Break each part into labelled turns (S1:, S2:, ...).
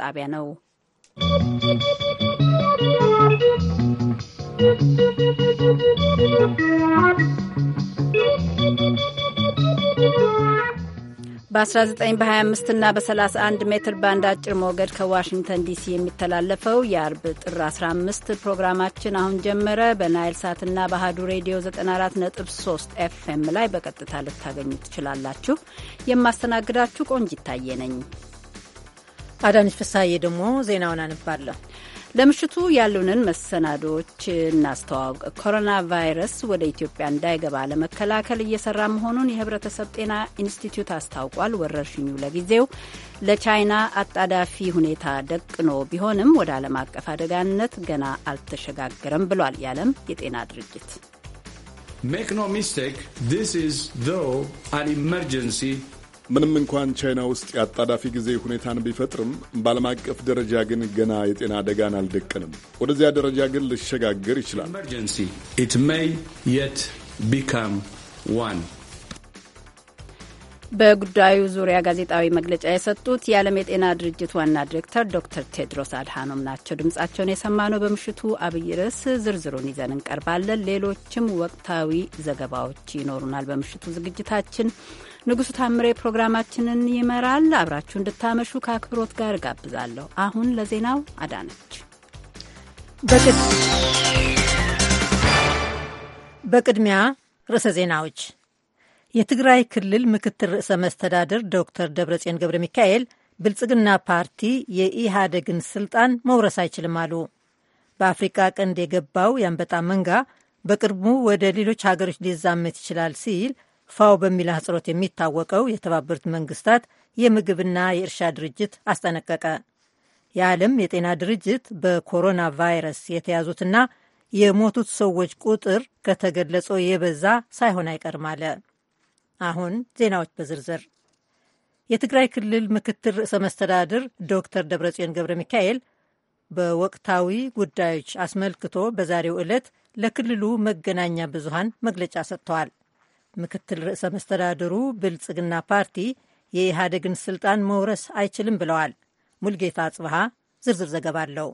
S1: ጣቢያ ነው። በ19 በ25 እና በ31 ሜትር ባንድ አጭር ሞገድ ከዋሽንግተን ዲሲ የሚተላለፈው የአርብ ጥር 15 ፕሮግራማችን አሁን ጀመረ። በናይል ሳትና በአህዱ ሬዲዮ 94.3 ኤፍኤም ላይ በቀጥታ ልታገኙ ትችላላችሁ። የማስተናግዳችሁ ቆንጅ ይታየ ነኝ። አዳነች ፍሳዬ ደግሞ ዜናውን አንባለሁ። ለምሽቱ ያሉንን መሰናዶች እናስተዋውቅ። ኮሮና ቫይረስ ወደ ኢትዮጵያ እንዳይገባ ለመከላከል እየሰራ መሆኑን የሕብረተሰብ ጤና ኢንስቲትዩት አስታውቋል። ወረርሽኙ ለጊዜው ለቻይና አጣዳፊ ሁኔታ ደቅኖ ቢሆንም ወደ ዓለም አቀፍ አደጋነት ገና አልተሸጋገረም ብሏል የዓለም የጤና ድርጅት።
S2: ሜክ ኖ ሚስቴክ ዲስ ኢዝ አን ኢመርጀንሲ ምንም እንኳን ቻይና ውስጥ የአጣዳፊ ጊዜ ሁኔታን ቢፈጥርም በዓለም አቀፍ ደረጃ ግን ገና የጤና አደጋን አልደቀንም። ወደዚያ ደረጃ ግን ሊሸጋገር ይችላል።
S1: በጉዳዩ ዙሪያ ጋዜጣዊ መግለጫ የሰጡት የዓለም የጤና ድርጅት ዋና ዲሬክተር ዶክተር ቴድሮስ አድሃኖም ናቸው። ድምጻቸውን የሰማነው በምሽቱ አብይ ርዕስ ዝርዝሩን ይዘን እንቀርባለን። ሌሎችም ወቅታዊ ዘገባዎች ይኖሩናል በምሽቱ ዝግጅታችን። ንጉሱ ታምሬ ፕሮግራማችንን ይመራል። አብራችሁ እንድታመሹ ከአክብሮት ጋር እጋብዛለሁ።
S3: አሁን ለዜናው አዳነች። በቅድሚያ ርዕሰ ዜናዎች። የትግራይ ክልል ምክትል ርዕሰ መስተዳድር ዶክተር ደብረጽዮን ገብረ ሚካኤል ብልጽግና ፓርቲ የኢህአደግን ስልጣን መውረስ አይችልም አሉ። በአፍሪቃ ቀንድ የገባው የአንበጣ መንጋ በቅርቡ ወደ ሌሎች ሀገሮች ሊዛመት ይችላል ሲል ፋው በሚል አህጽሮት የሚታወቀው የተባበሩት መንግስታት የምግብና የእርሻ ድርጅት አስጠነቀቀ። የዓለም የጤና ድርጅት በኮሮና ቫይረስ የተያዙትና የሞቱት ሰዎች ቁጥር ከተገለጸው የበዛ ሳይሆን አይቀርም አለ። አሁን ዜናዎች በዝርዝር የትግራይ ክልል ምክትል ርዕሰ መስተዳድር ዶክተር ደብረጽዮን ገብረ ሚካኤል በወቅታዊ ጉዳዮች አስመልክቶ በዛሬው ዕለት ለክልሉ መገናኛ ብዙሃን መግለጫ ሰጥተዋል። ምክትል ርዕሰ መስተዳድሩ ብልጽግና ፓርቲ የኢህአዴግን ስልጣን መውረስ አይችልም ብለዋል። ሙልጌታ ጽብሃ ዝርዝር ዘገባ አለው።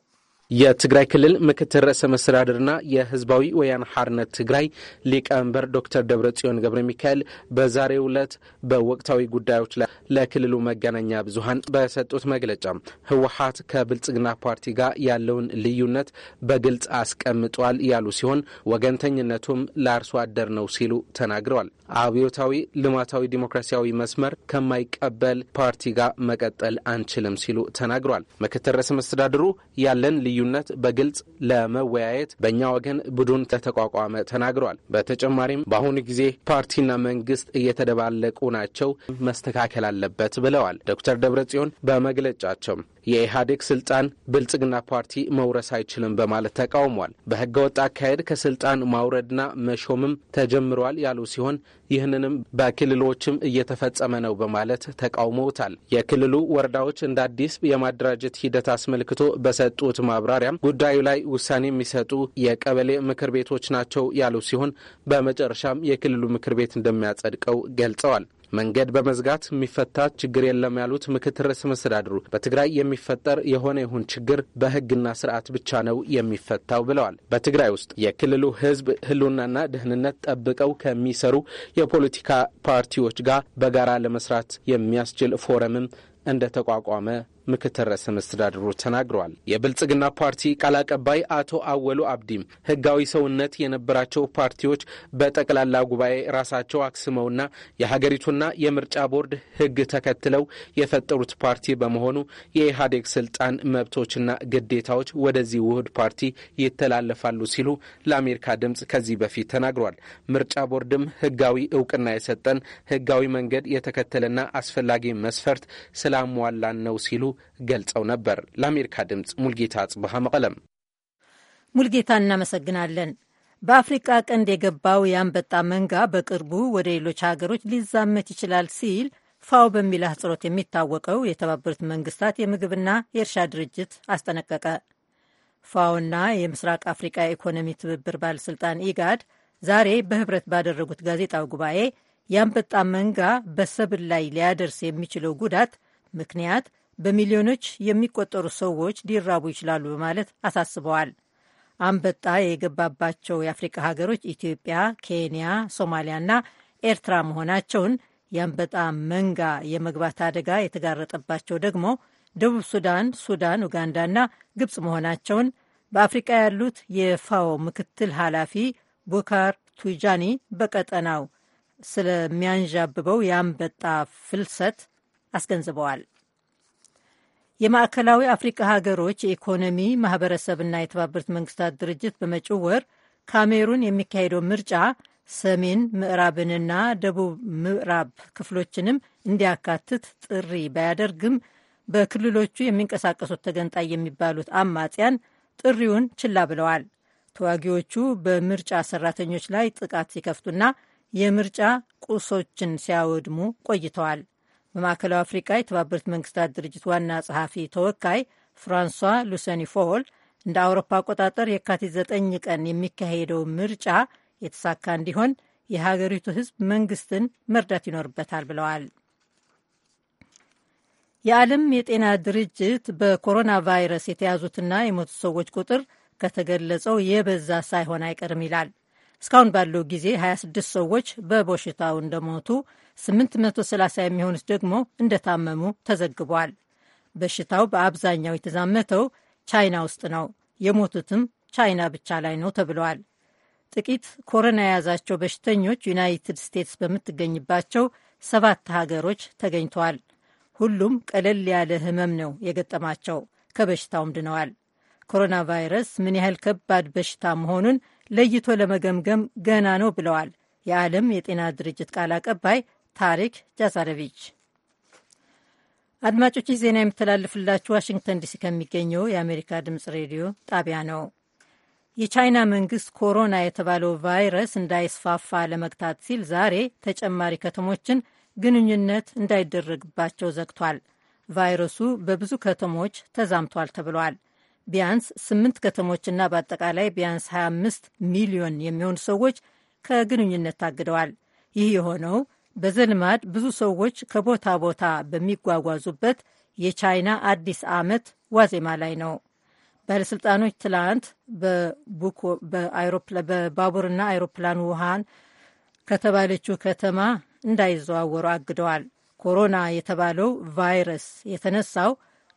S4: የትግራይ ክልል ምክትል ርዕሰ መስተዳድርና የህዝባዊ ወያነ ሓርነት ትግራይ ሊቀመንበር ዶክተር ደብረ ጽዮን ገብረ ሚካኤል በዛሬው ዕለት በወቅታዊ ጉዳዮች ላይ ለክልሉ መገናኛ ብዙሀን በሰጡት መግለጫ ህወሀት ከብልጽግና ፓርቲ ጋር ያለውን ልዩነት በግልጽ አስቀምጧል ያሉ ሲሆን ወገንተኝነቱም ለአርሶ አደር ነው ሲሉ ተናግረዋል። አብዮታዊ ልማታዊ ዲሞክራሲያዊ መስመር ከማይቀበል ፓርቲ ጋር መቀጠል አንችልም ሲሉ ተናግሯል። ምክትል ርዕሰ መስተዳድሩ ያለን ልዩነት በግልጽ ለመወያየት በእኛ ወገን ቡድን ተቋቋመ ተናግሯል። በተጨማሪም በአሁኑ ጊዜ ፓርቲና መንግስት እየተደባለቁ ናቸው፣ መስተካከል አለበት ብለዋል ዶክተር ደብረ ጽዮን በመግለጫቸው የኢህአዴግ ስልጣን ብልጽግና ፓርቲ መውረስ አይችልም በማለት ተቃውሟል። በህገወጥ አካሄድ ከስልጣን ማውረድና መሾምም ተጀምሯል ያሉ ሲሆን ይህንንም በክልሎችም እየተፈጸመ ነው በማለት ተቃውመውታል። የክልሉ ወረዳዎች እንደ አዲስ የማደራጀት ሂደት አስመልክቶ በሰጡት ማብራሪያም ጉዳዩ ላይ ውሳኔ የሚሰጡ የቀበሌ ምክር ቤቶች ናቸው ያሉ ሲሆን በመጨረሻም የክልሉ ምክር ቤት እንደሚያጸድቀው ገልጸዋል። መንገድ በመዝጋት የሚፈታ ችግር የለም ያሉት ምክትል ርዕሰ መስተዳድሩ በትግራይ የሚፈጠር የሆነ ይሁን ችግር በህግና ስርዓት ብቻ ነው የሚፈታው ብለዋል። በትግራይ ውስጥ የክልሉ ህዝብ ህልውናና ደህንነት ጠብቀው ከሚሰሩ የፖለቲካ ፓርቲዎች ጋር በጋራ ለመስራት የሚያስችል ፎረምም እንደተቋቋመ ምክትል ርዕሰ መስተዳድሩ ተናግረዋል። የብልጽግና ፓርቲ ቃል አቀባይ አቶ አወሉ አብዲም ህጋዊ ሰውነት የነበራቸው ፓርቲዎች በጠቅላላ ጉባኤ ራሳቸው አክስመውና የሀገሪቱና የምርጫ ቦርድ ህግ ተከትለው የፈጠሩት ፓርቲ በመሆኑ የኢህአዴግ ስልጣን መብቶችና ግዴታዎች ወደዚህ ውህድ ፓርቲ ይተላለፋሉ ሲሉ ለአሜሪካ ድምፅ ከዚህ በፊት ተናግሯል። ምርጫ ቦርድም ህጋዊ እውቅና የሰጠን ህጋዊ መንገድ የተከተለና አስፈላጊ መስፈርት ስላሟላን ነው ሲሉ ገልጸው ነበር። ለአሜሪካ ድምፅ ሙልጌታ ጽብሃ መቀለም።
S3: ሙልጌታ እናመሰግናለን። በአፍሪቃ ቀንድ የገባው የአንበጣ መንጋ በቅርቡ ወደ ሌሎች ሀገሮች ሊዛመት ይችላል ሲል ፋው በሚል አህጽሮት የሚታወቀው የተባበሩት መንግስታት የምግብና የእርሻ ድርጅት አስጠነቀቀ። ፋውና የምስራቅ አፍሪቃ የኢኮኖሚ ትብብር ባለሥልጣን ኢጋድ ዛሬ በህብረት ባደረጉት ጋዜጣዊ ጉባኤ የአንበጣ መንጋ በሰብል ላይ ሊያደርስ የሚችለው ጉዳት ምክንያት በሚሊዮኖች የሚቆጠሩ ሰዎች ሊራቡ ይችላሉ በማለት አሳስበዋል። አንበጣ የገባባቸው የአፍሪካ ሀገሮች ኢትዮጵያ፣ ኬንያ፣ ሶማሊያና ኤርትራ መሆናቸውን የአንበጣ መንጋ የመግባት አደጋ የተጋረጠባቸው ደግሞ ደቡብ ሱዳን፣ ሱዳን፣ ኡጋንዳና ግብፅ መሆናቸውን በአፍሪቃ ያሉት የፋኦ ምክትል ኃላፊ ቡካር ቱጃኒ በቀጠናው ስለሚያንዣብበው የአንበጣ ፍልሰት አስገንዝበዋል። የማዕከላዊ አፍሪካ ሀገሮች የኢኮኖሚ ማህበረሰብና የተባበሩት መንግስታት ድርጅት በመጪው ወር ካሜሩን የሚካሄደው ምርጫ ሰሜን ምዕራብንና ደቡብ ምዕራብ ክፍሎችንም እንዲያካትት ጥሪ ባያደርግም በክልሎቹ የሚንቀሳቀሱት ተገንጣይ የሚባሉት አማጽያን ጥሪውን ችላ ብለዋል። ተዋጊዎቹ በምርጫ ሰራተኞች ላይ ጥቃት ሲከፍቱና የምርጫ ቁሶችን ሲያወድሙ ቆይተዋል። በማዕከላዊ አፍሪቃ የተባበሩት መንግስታት ድርጅት ዋና ጸሐፊ ተወካይ ፍራንሷ ሉሰኒ ፎል እንደ አውሮፓ አቆጣጠር የካቲት 9 ቀን የሚካሄደው ምርጫ የተሳካ እንዲሆን የሀገሪቱ ህዝብ መንግስትን መርዳት ይኖርበታል ብለዋል። የዓለም የጤና ድርጅት በኮሮና ቫይረስ የተያዙትና የሞቱት ሰዎች ቁጥር ከተገለጸው የበዛ ሳይሆን አይቀርም ይላል። እስካሁን ባለው ጊዜ 26 ሰዎች በበሽታው እንደሞቱ 830 የሚሆኑት ደግሞ እንደታመሙ ተዘግቧል። በሽታው በአብዛኛው የተዛመተው ቻይና ውስጥ ነው። የሞቱትም ቻይና ብቻ ላይ ነው ተብለዋል። ጥቂት ኮሮና የያዛቸው በሽተኞች ዩናይትድ ስቴትስ በምትገኝባቸው ሰባት ሀገሮች ተገኝተዋል። ሁሉም ቀለል ያለ ህመም ነው የገጠማቸው፣ ከበሽታውም ድነዋል። ኮሮና ቫይረስ ምን ያህል ከባድ በሽታ መሆኑን ለይቶ ለመገምገም ገና ነው ብለዋል የዓለም የጤና ድርጅት ቃል አቀባይ ታሪክ ጃዛረቪች። አድማጮች ዜና የሚተላለፍላችሁ ዋሽንግተን ዲሲ ከሚገኘው የአሜሪካ ድምፅ ሬዲዮ ጣቢያ ነው። የቻይና መንግስት ኮሮና የተባለው ቫይረስ እንዳይስፋፋ ለመግታት ሲል ዛሬ ተጨማሪ ከተሞችን ግንኙነት እንዳይደረግባቸው ዘግቷል። ቫይረሱ በብዙ ከተሞች ተዛምቷል ተብሏል። ቢያንስ ስምንት ከተሞችና በአጠቃላይ ቢያንስ 25 ሚሊዮን የሚሆኑ ሰዎች ከግንኙነት ታግደዋል። ይህ የሆነው በዘልማድ ብዙ ሰዎች ከቦታ ቦታ በሚጓጓዙበት የቻይና አዲስ ዓመት ዋዜማ ላይ ነው። ባለሥልጣኖች ትላንት በባቡርና አይሮፕላን ውሃን ከተባለችው ከተማ እንዳይዘዋወሩ አግደዋል። ኮሮና የተባለው ቫይረስ የተነሳው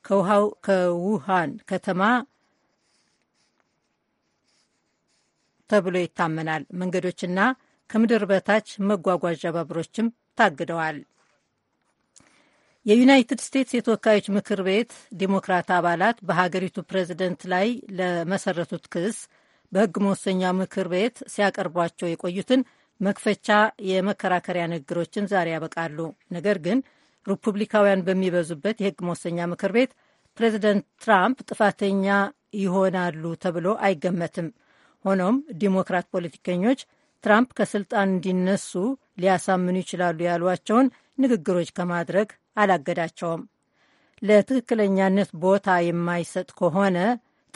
S3: ከውሃው ከውሃን ከተማ ተብሎ ይታመናል። መንገዶችና ከምድር በታች መጓጓዣ ባቡሮችም ታግደዋል። የዩናይትድ ስቴትስ የተወካዮች ምክር ቤት ዲሞክራት አባላት በሀገሪቱ ፕሬዚደንት ላይ ለመሰረቱት ክስ በሕግ መወሰኛ ምክር ቤት ሲያቀርቧቸው የቆዩትን መክፈቻ የመከራከሪያ ንግግሮችን ዛሬ ያበቃሉ። ነገር ግን ሪፑብሊካውያን በሚበዙበት የሕግ መወሰኛ ምክር ቤት ፕሬዚደንት ትራምፕ ጥፋተኛ ይሆናሉ ተብሎ አይገመትም። ሆኖም ዲሞክራት ፖለቲከኞች ትራምፕ ከስልጣን እንዲነሱ ሊያሳምኑ ይችላሉ ያሏቸውን ንግግሮች ከማድረግ አላገዳቸውም። ለትክክለኛነት ቦታ የማይሰጥ ከሆነ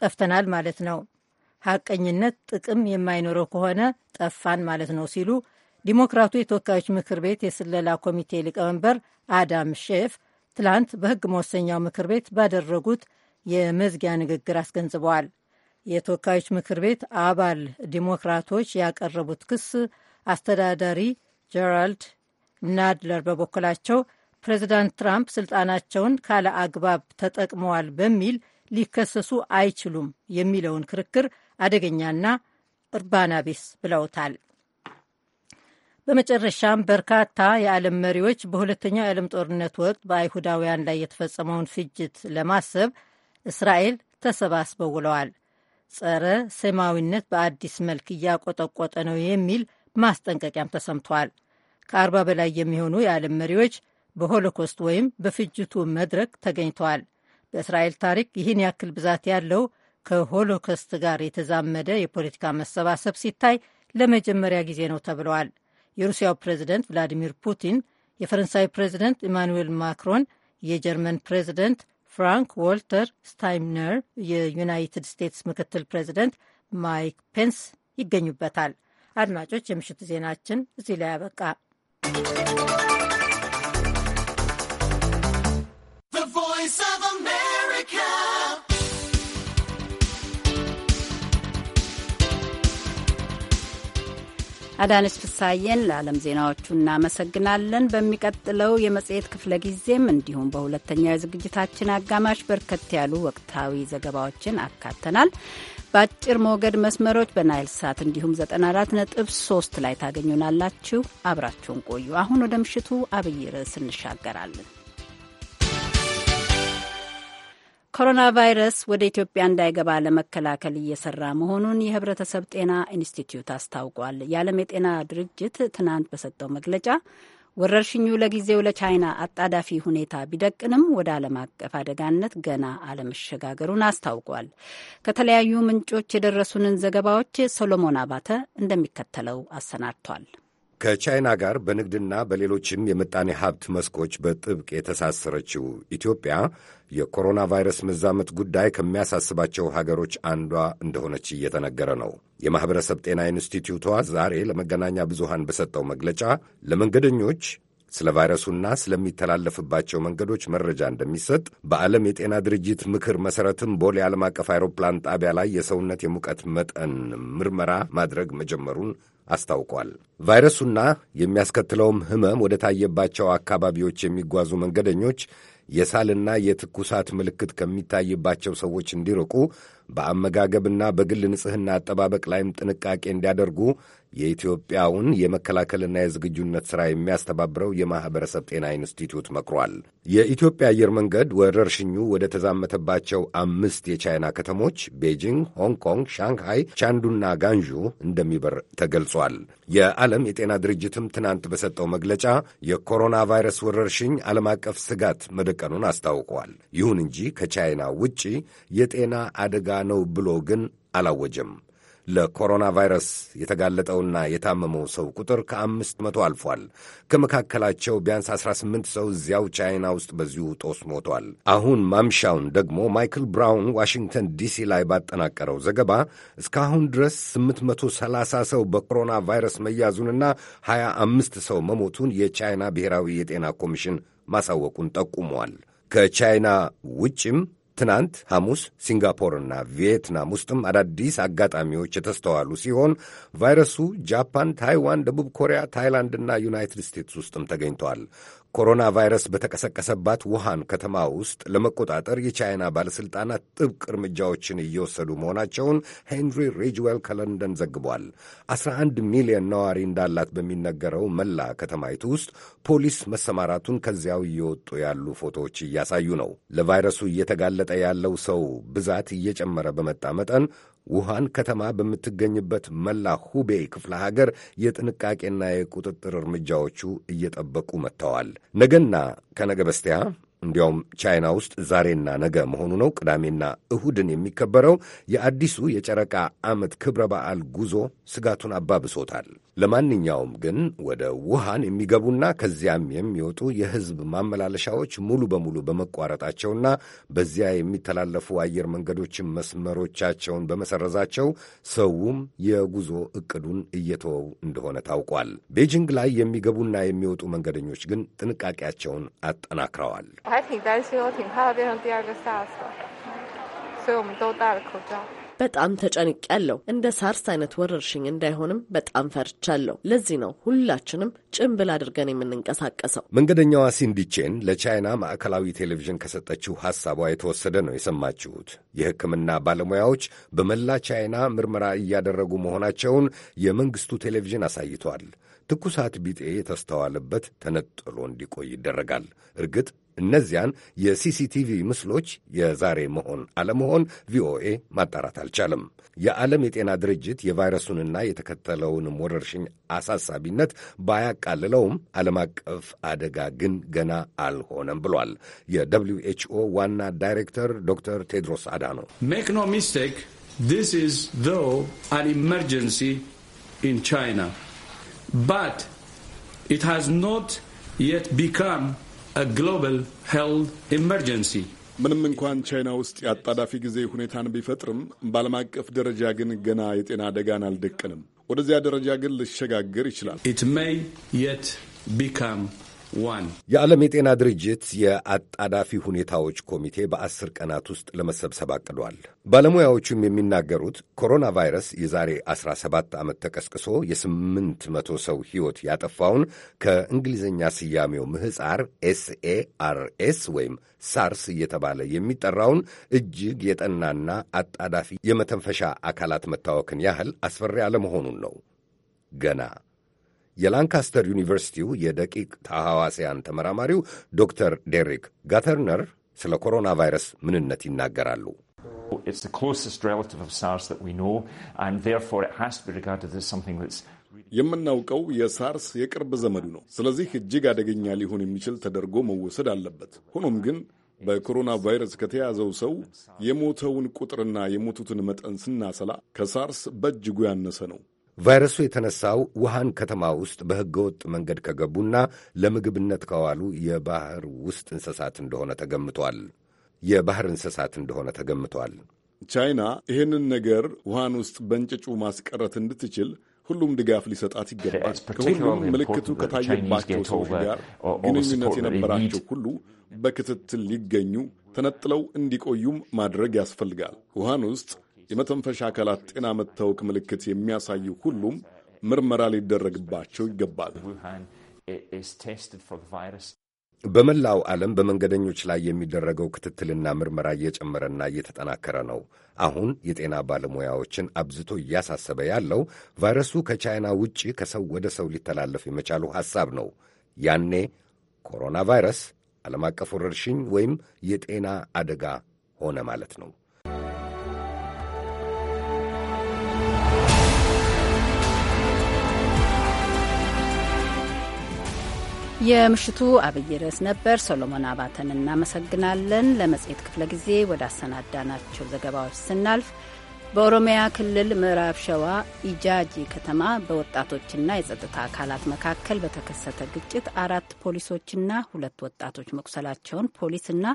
S3: ጠፍተናል ማለት ነው፣ ሐቀኝነት ጥቅም የማይኖረው ከሆነ ጠፋን ማለት ነው ሲሉ ዲሞክራቱ የተወካዮች ምክር ቤት የስለላ ኮሚቴ ሊቀመንበር አዳም ሼፍ ትላንት በሕግ መወሰኛው ምክር ቤት ባደረጉት የመዝጊያ ንግግር አስገንዝበዋል። የተወካዮች ምክር ቤት አባል ዲሞክራቶች ያቀረቡት ክስ አስተዳዳሪ ጀራልድ ናድለር በበኩላቸው ፕሬዚዳንት ትራምፕ ስልጣናቸውን ካለ አግባብ ተጠቅመዋል በሚል ሊከሰሱ አይችሉም የሚለውን ክርክር አደገኛና እርባና ቢስ ብለውታል። በመጨረሻም በርካታ የዓለም መሪዎች በሁለተኛው የዓለም ጦርነት ወቅት በአይሁዳውያን ላይ የተፈጸመውን ፍጅት ለማሰብ እስራኤል ተሰባስበው ውለዋል። ጸረ ሴማዊነት በአዲስ መልክ እያቆጠቆጠ ነው የሚል ማስጠንቀቂያም ተሰምቷል። ከአርባ በላይ የሚሆኑ የዓለም መሪዎች በሆሎኮስት ወይም በፍጅቱ መድረክ ተገኝተዋል። በእስራኤል ታሪክ ይህን ያክል ብዛት ያለው ከሆሎኮስት ጋር የተዛመደ የፖለቲካ መሰባሰብ ሲታይ ለመጀመሪያ ጊዜ ነው ተብለዋል። የሩሲያው ፕሬዚደንት ቭላዲሚር ፑቲን፣ የፈረንሳይ ፕሬዚደንት ኢማኑዌል ማክሮን፣ የጀርመን ፕሬዚደንት ፍራንክ ዎልተር ስታይምነር፣ የዩናይትድ ስቴትስ ምክትል ፕሬዚደንት ማይክ ፔንስ ይገኙበታል። አድማጮች፣ የምሽት ዜናችን እዚህ ላይ አበቃ?
S1: አዳነች ፍሳዬን ለዓለም ዜናዎቹ እናመሰግናለን። በሚቀጥለው የመጽሔት ክፍለ ጊዜም እንዲሁም በሁለተኛው የዝግጅታችን አጋማሽ በርከት ያሉ ወቅታዊ ዘገባዎችን አካተናል። በአጭር ሞገድ መስመሮች በናይል ሳት እንዲሁም 3 ላይ ታገኙናላችሁ። አብራችሁን ቆዩ። አሁን ወደ ምሽቱ አብይ ርዕስ እንሻገራለን። ኮሮና ቫይረስ ወደ ኢትዮጵያ እንዳይገባ ለመከላከል እየሰራ መሆኑን የህብረተሰብ ጤና ኢንስቲትዩት አስታውቋል። የዓለም የጤና ድርጅት ትናንት በሰጠው መግለጫ ወረርሽኙ ለጊዜው ለቻይና አጣዳፊ ሁኔታ ቢደቅንም ወደ ዓለም አቀፍ አደጋነት ገና አለመሸጋገሩን አስታውቋል። ከተለያዩ ምንጮች የደረሱንን ዘገባዎች ሶሎሞን አባተ እንደሚከተለው አሰናድቷል።
S5: ከቻይና ጋር በንግድና በሌሎችም የምጣኔ ሀብት መስኮች በጥብቅ የተሳሰረችው ኢትዮጵያ የኮሮና ቫይረስ መዛመት ጉዳይ ከሚያሳስባቸው ሀገሮች አንዷ እንደሆነች እየተነገረ ነው። የማኅበረሰብ ጤና ኢንስቲትዩቷ ዛሬ ለመገናኛ ብዙሃን በሰጠው መግለጫ ለመንገደኞች ስለ ቫይረሱና ስለሚተላለፍባቸው መንገዶች መረጃ እንደሚሰጥ በዓለም የጤና ድርጅት ምክር መሠረትም ቦሌ ዓለም አቀፍ አውሮፕላን ጣቢያ ላይ የሰውነት የሙቀት መጠን ምርመራ ማድረግ መጀመሩን አስታውቋል። ቫይረሱና የሚያስከትለውም ህመም ወደ ታየባቸው አካባቢዎች የሚጓዙ መንገደኞች የሳልና የትኩሳት ምልክት ከሚታይባቸው ሰዎች እንዲርቁ በአመጋገብና በግል ንጽህና አጠባበቅ ላይም ጥንቃቄ እንዲያደርጉ የኢትዮጵያውን የመከላከልና የዝግጁነት ሥራ የሚያስተባብረው የማኅበረሰብ ጤና ኢንስቲትዩት መክሯል። የኢትዮጵያ አየር መንገድ ወረርሽኙ ወደ ተዛመተባቸው አምስት የቻይና ከተሞች ቤጂንግ፣ ሆንግ ኮንግ፣ ሻንግሃይ፣ ቻንዱና ጋንዡ እንደሚበር ተገልጿል። የዓለም የጤና ድርጅትም ትናንት በሰጠው መግለጫ የኮሮና ቫይረስ ወረርሽኝ ዓለም አቀፍ ስጋት መደቀኑን አስታውቋል። ይሁን እንጂ ከቻይና ውጪ የጤና አደጋ ነው ብሎ ግን አላወጀም። ለኮሮና ቫይረስ የተጋለጠውና የታመመው ሰው ቁጥር ከአምስት መቶ አልፏል። ከመካከላቸው ቢያንስ 18 ሰው እዚያው ቻይና ውስጥ በዚሁ ጦስ ሞቷል። አሁን ማምሻውን ደግሞ ማይክል ብራውን ዋሽንግተን ዲሲ ላይ ባጠናቀረው ዘገባ እስካሁን ድረስ 830 ሰው በኮሮና ቫይረስ መያዙንና 25 ሰው መሞቱን የቻይና ብሔራዊ የጤና ኮሚሽን ማሳወቁን ጠቁሟል። ከቻይና ውጭም ትናንት ሐሙስ ሲንጋፖርና ቪየትናም ውስጥም አዳዲስ አጋጣሚዎች የተስተዋሉ ሲሆን ቫይረሱ ጃፓን፣ ታይዋን፣ ደቡብ ኮሪያ፣ ታይላንድና ዩናይትድ ስቴትስ ውስጥም ተገኝቷል። ኮሮና ቫይረስ በተቀሰቀሰባት ውሃን ከተማ ውስጥ ለመቆጣጠር የቻይና ባለሥልጣናት ጥብቅ እርምጃዎችን እየወሰዱ መሆናቸውን ሄንሪ ሪጅዌል ከለንደን ዘግቧል። 11 ሚሊዮን ነዋሪ እንዳላት በሚነገረው መላ ከተማይቱ ውስጥ ፖሊስ መሰማራቱን ከዚያው እየወጡ ያሉ ፎቶዎች እያሳዩ ነው። ለቫይረሱ እየተጋለጠ ያለው ሰው ብዛት እየጨመረ በመጣ መጠን ውሃን ከተማ በምትገኝበት መላ ሁቤይ ክፍለ ሀገር የጥንቃቄና የቁጥጥር እርምጃዎቹ እየጠበቁ መጥተዋል። ነገና ከነገ በስቲያ እንዲያውም ቻይና ውስጥ ዛሬና ነገ መሆኑ ነው ቅዳሜና እሁድን የሚከበረው የአዲሱ የጨረቃ ዓመት ክብረ በዓል ጉዞ ስጋቱን አባብሶታል። ለማንኛውም ግን ወደ ውሃን የሚገቡና ከዚያም የሚወጡ የሕዝብ ማመላለሻዎች ሙሉ በሙሉ በመቋረጣቸውና በዚያ የሚተላለፉ አየር መንገዶችን መስመሮቻቸውን በመሰረዛቸው ሰውም የጉዞ እቅዱን እየተወው እንደሆነ ታውቋል። ቤጂንግ ላይ የሚገቡና የሚወጡ መንገደኞች ግን ጥንቃቄያቸውን አጠናክረዋል። በጣም ያለው እንደ ሳርስ አይነት ወረርሽኝ እንዳይሆንም
S1: በጣም ፈርቻለሁ። ለዚህ ነው ሁላችንም ጭንብል አድርገን የምንንቀሳቀሰው።
S5: መንገደኛዋ ሲንዲቼን ለቻይና ማዕከላዊ ቴሌቪዥን ከሰጠችው ሐሳቧ የተወሰደ ነው የሰማችሁት። የሕክምና ባለሙያዎች በመላ ቻይና ምርመራ እያደረጉ መሆናቸውን የመንግሥቱ ቴሌቪዥን አሳይቷል። ትኩሳት ቢጤ የተስተዋለበት ተነጥሎ እንዲቆይ ይደረጋል። እርግጥ እነዚያን የሲሲቲቪ ምስሎች የዛሬ መሆን አለመሆን ቪኦኤ ማጣራት አልቻለም። የዓለም የጤና ድርጅት የቫይረሱንና የተከተለውንም ወረርሽኝ አሳሳቢነት ባያቃልለውም ዓለም አቀፍ አደጋ ግን ገና አልሆነም ብሏል። የደብልዩ ኤችኦ ዋና ዳይሬክተር ዶክተር ቴድሮስ አዳኖ
S6: ሜክ ኖ ሚስቴክ ዚስ ኢዝ ዞው አን ኢመርጀንሲ
S2: ኢን ቻይና ባት ኢት ሃዝ ኖት የት ቢካም ግሎባል ሄልት ኢመርጀንሲ ምንም እንኳን ቻይና ውስጥ የአጣዳፊ ጊዜ ሁኔታን ቢፈጥርም በዓለም አቀፍ ደረጃ ግን ገና የጤና አደጋን አልደቀንም። ወደዚያ ደረጃ ግን ልሸጋገር ይችላል። ኢት ሜይ የት ቢካም
S5: የዓለም የጤና ድርጅት የአጣዳፊ ሁኔታዎች ኮሚቴ በአስር ቀናት ውስጥ ለመሰብሰብ አቅዷል። ባለሙያዎቹም የሚናገሩት ኮሮና ቫይረስ የዛሬ 17 ዓመት ተቀስቅሶ የ መቶ ሰው ሕይወት ያጠፋውን ከእንግሊዝኛ ስያሜው ምህፃር ኤስኤአርኤስ ወይም ሳርስ እየተባለ የሚጠራውን እጅግ የጠናና አጣዳፊ የመተንፈሻ አካላት መታወክን ያህል አስፈሪ አለመሆኑን ነው ገና የላንካስተር ዩኒቨርሲቲው የደቂቅ ተሐዋስያን ተመራማሪው ዶክተር ዴሪክ ጋተርነር ስለ ኮሮና ቫይረስ ምንነት ይናገራሉ።
S2: የምናውቀው የሳርስ የቅርብ ዘመዱ ነው። ስለዚህ እጅግ አደገኛ ሊሆን የሚችል ተደርጎ መወሰድ አለበት። ሆኖም ግን በኮሮና ቫይረስ ከተያዘው ሰው
S5: የሞተውን ቁጥርና የሞቱትን መጠን ስናሰላ ከሳርስ በእጅጉ ያነሰ ነው። ቫይረሱ የተነሳው ውሃን ከተማ ውስጥ በህገወጥ መንገድ ከገቡና ለምግብነት ከዋሉ የባህር ውስጥ እንስሳት እንደሆነ ተገምቷል የባህር እንስሳት እንደሆነ ተገምቷል። ቻይና ይህንን ነገር ውሃን ውስጥ በእንጭጩ ማስቀረት እንድትችል
S2: ሁሉም ድጋፍ ሊሰጣት ይገባል። ከሁሉም ምልክቱ ከታየባቸው ሰዎች ጋር ግንኙነት የነበራቸው ሁሉ በክትትል ሊገኙ ተነጥለው እንዲቆዩም ማድረግ ያስፈልጋል። ውሃን ውስጥ የመተንፈሻ አካላት ጤና መታወክ ምልክት የሚያሳዩ ሁሉም ምርመራ ሊደረግባቸው ይገባል።
S5: በመላው ዓለም በመንገደኞች ላይ የሚደረገው ክትትልና ምርመራ እየጨመረና እየተጠናከረ ነው። አሁን የጤና ባለሙያዎችን አብዝቶ እያሳሰበ ያለው ቫይረሱ ከቻይና ውጪ ከሰው ወደ ሰው ሊተላለፍ የመቻሉ ሐሳብ ነው። ያኔ ኮሮና ቫይረስ ዓለም አቀፍ ወረርሽኝ ወይም የጤና አደጋ ሆነ ማለት ነው።
S1: የምሽቱ አብይ ርዕስ ነበር። ሶሎሞን አባተን እናመሰግናለን። ለመጽሔት ክፍለ ጊዜ ወደ አሰናዳናቸው ዘገባዎች ስናልፍ በኦሮሚያ ክልል ምዕራብ ሸዋ ኢጃጂ ከተማ በወጣቶችና የጸጥታ አካላት መካከል በተከሰተ ግጭት አራት ፖሊሶችና ሁለት ወጣቶች መቁሰላቸውን ፖሊስና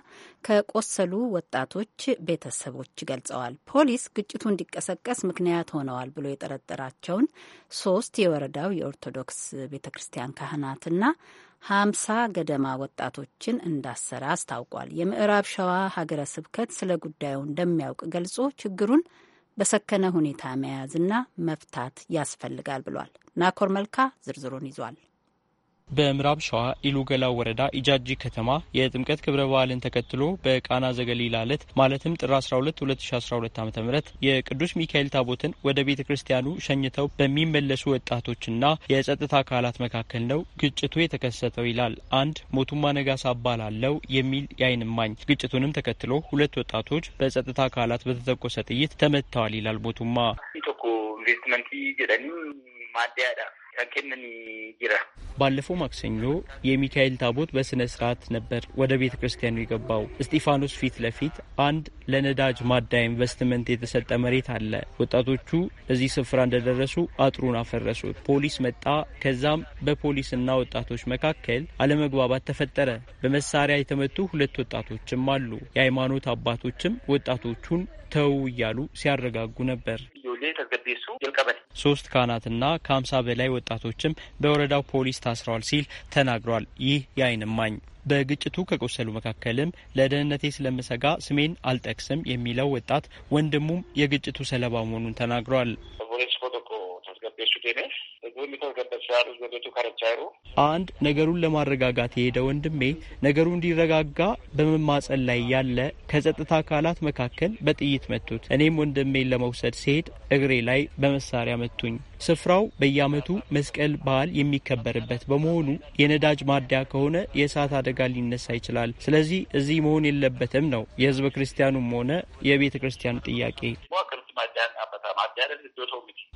S1: ከቆሰሉ ወጣቶች ቤተሰቦች ገልጸዋል። ፖሊስ ግጭቱ እንዲቀሰቀስ ምክንያት ሆነዋል ብሎ የጠረጠራቸውን ሶስት የወረዳው የኦርቶዶክስ ቤተ ክርስቲያን ካህናትና ሀምሳ ገደማ ወጣቶችን እንዳሰረ አስታውቋል። የምዕራብ ሸዋ ሀገረ ስብከት ስለ ጉዳዩ እንደሚያውቅ ገልጾ ችግሩን በሰከነ ሁኔታ መያዝና መፍታት ያስፈልጋል ብሏል። ናኮር መልካ ዝርዝሩን ይዟል።
S7: በምዕራብ ሸዋ ኢሉገላ ወረዳ ኢጃጂ ከተማ የጥምቀት ክብረ በዓልን ተከትሎ በቃና ዘገሊላ ዕለት ማለትም ጥር 12 2012 ዓ ም የቅዱስ ሚካኤል ታቦትን ወደ ቤተ ክርስቲያኑ ሸኝተው በሚመለሱ ወጣቶችና የጸጥታ አካላት መካከል ነው ግጭቱ የተከሰተው ይላል አንድ ሞቱማ ነጋሳ አባላለው የሚል የዓይን እማኝ። ግጭቱንም ተከትሎ ሁለት ወጣቶች በጸጥታ አካላት በተተኮሰ ጥይት ተመትተዋል ይላል ሞቱማ ኢንቨስትመንት ባለፈው ማክሰኞ የሚካኤል ታቦት በስነ ስርዓት ነበር ወደ ቤተ ክርስቲያኑ የገባው። እስጢፋኖስ ፊት ለፊት አንድ ለነዳጅ ማዳ ኢንቨስትመንት የተሰጠ መሬት አለ። ወጣቶቹ እዚህ ስፍራ እንደደረሱ አጥሩን አፈረሱት። ፖሊስ መጣ። ከዛም በፖሊስና ወጣቶች መካከል አለመግባባት ተፈጠረ። በመሳሪያ የተመቱ ሁለት ወጣቶችም አሉ። የሃይማኖት አባቶችም ወጣቶቹን ተው እያሉ ሲያረጋጉ ነበር። ሶስት ካህናትና ከሀምሳ በላይ ወጣቶችም በወረዳው ፖሊስ ታስረዋል ሲል ተናግሯል። ይህ የአይን እማኝ በግጭቱ ከቆሰሉ መካከልም ለደህንነቴ ስለምሰጋ ስሜን አልጠቅስም የሚለው ወጣት ወንድሙም የግጭቱ ሰለባ መሆኑን ተናግሯል። አንድ ነገሩን ለማረጋጋት የሄደ ወንድሜ ነገሩ እንዲረጋጋ በመማጸን ላይ ያለ ከጸጥታ አካላት መካከል በጥይት መቱት። እኔም ወንድሜን ለመውሰድ ሲሄድ እግሬ ላይ በመሳሪያ መቱኝ። ስፍራው በየዓመቱ መስቀል በዓል የሚከበርበት በመሆኑ የነዳጅ ማደያ ከሆነ የእሳት አደጋ ሊነሳ ይችላል። ስለዚህ እዚህ መሆን የለበትም ነው የህዝበ ክርስቲያኑም ሆነ የቤተ ክርስቲያን ጥያቄ።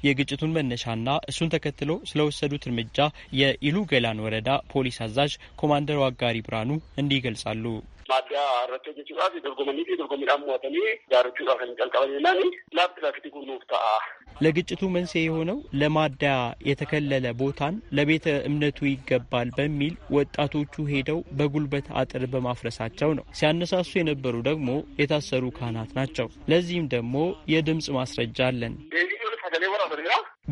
S7: የግጭቱን መነሻና እሱን ተከትሎ ስለወሰዱት እርምጃ የኢሉ ገላን ወረዳ ፖሊስ አዛዥ ኮማንደር ዋጋሪ ብርሃኑ እንዲህ ይገልጻሉ።
S8: maaddaa irratti hojjechuudhaaf dorgomanii fi dorgomiidhaan mo'atanii gaarachuudhaaf kan qalqabaninaani ላብ ትራፊክ kunuuf ta'a.
S7: ለግጭቱ መንስኤ የሆነው ለማዳ የተከለለ ቦታን ለቤተ እምነቱ ይገባል በሚል ወጣቶቹ ሄደው በጉልበት አጥር በማፍረሳቸው ነው። ሲያነሳሱ የነበሩ ደግሞ የታሰሩ ካህናት ናቸው። ለዚህም ደግሞ የድምፅ ማስረጃ አለን።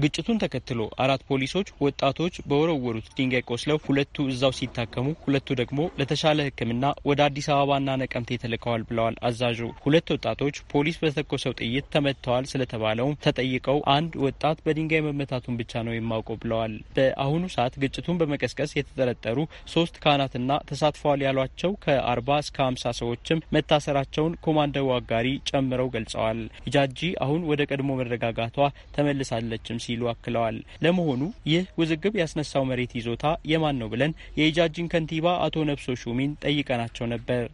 S7: ግጭቱን ተከትሎ አራት ፖሊሶች ወጣቶች በወረወሩት ድንጋይ ቆስለው ሁለቱ እዛው ሲታከሙ ሁለቱ ደግሞ ለተሻለ ሕክምና ወደ አዲስ አበባና ነቀምቴ ተልከዋል ብለዋል አዛዡ። ሁለት ወጣቶች ፖሊስ በተኮሰው ጥይት ተመትተዋል ስለተባለውም ተጠይቀው አንድ ወጣት በድንጋይ መመታቱን ብቻ ነው የማውቀው ብለዋል። በአሁኑ ሰዓት ግጭቱን በመቀስቀስ የተጠረጠሩ ሶስት ካህናትና ተሳትፈዋል ያሏቸው ከአርባ እስከ ሀምሳ ሰዎችም መታሰራቸውን ኮማንደው አጋሪ ጨምረው ገልጸዋል። ጃጂ አሁን ወደ ቀድሞ መረጋጋቷ ተመልሳለችም ሲሉ አክለዋል። ለመሆኑ ይህ ውዝግብ ያስነሳው መሬት ይዞታ የማን ነው ብለን የኢጃጅን ከንቲባ አቶ ነብሶ ሹሚን ጠይቀናቸው ነበር።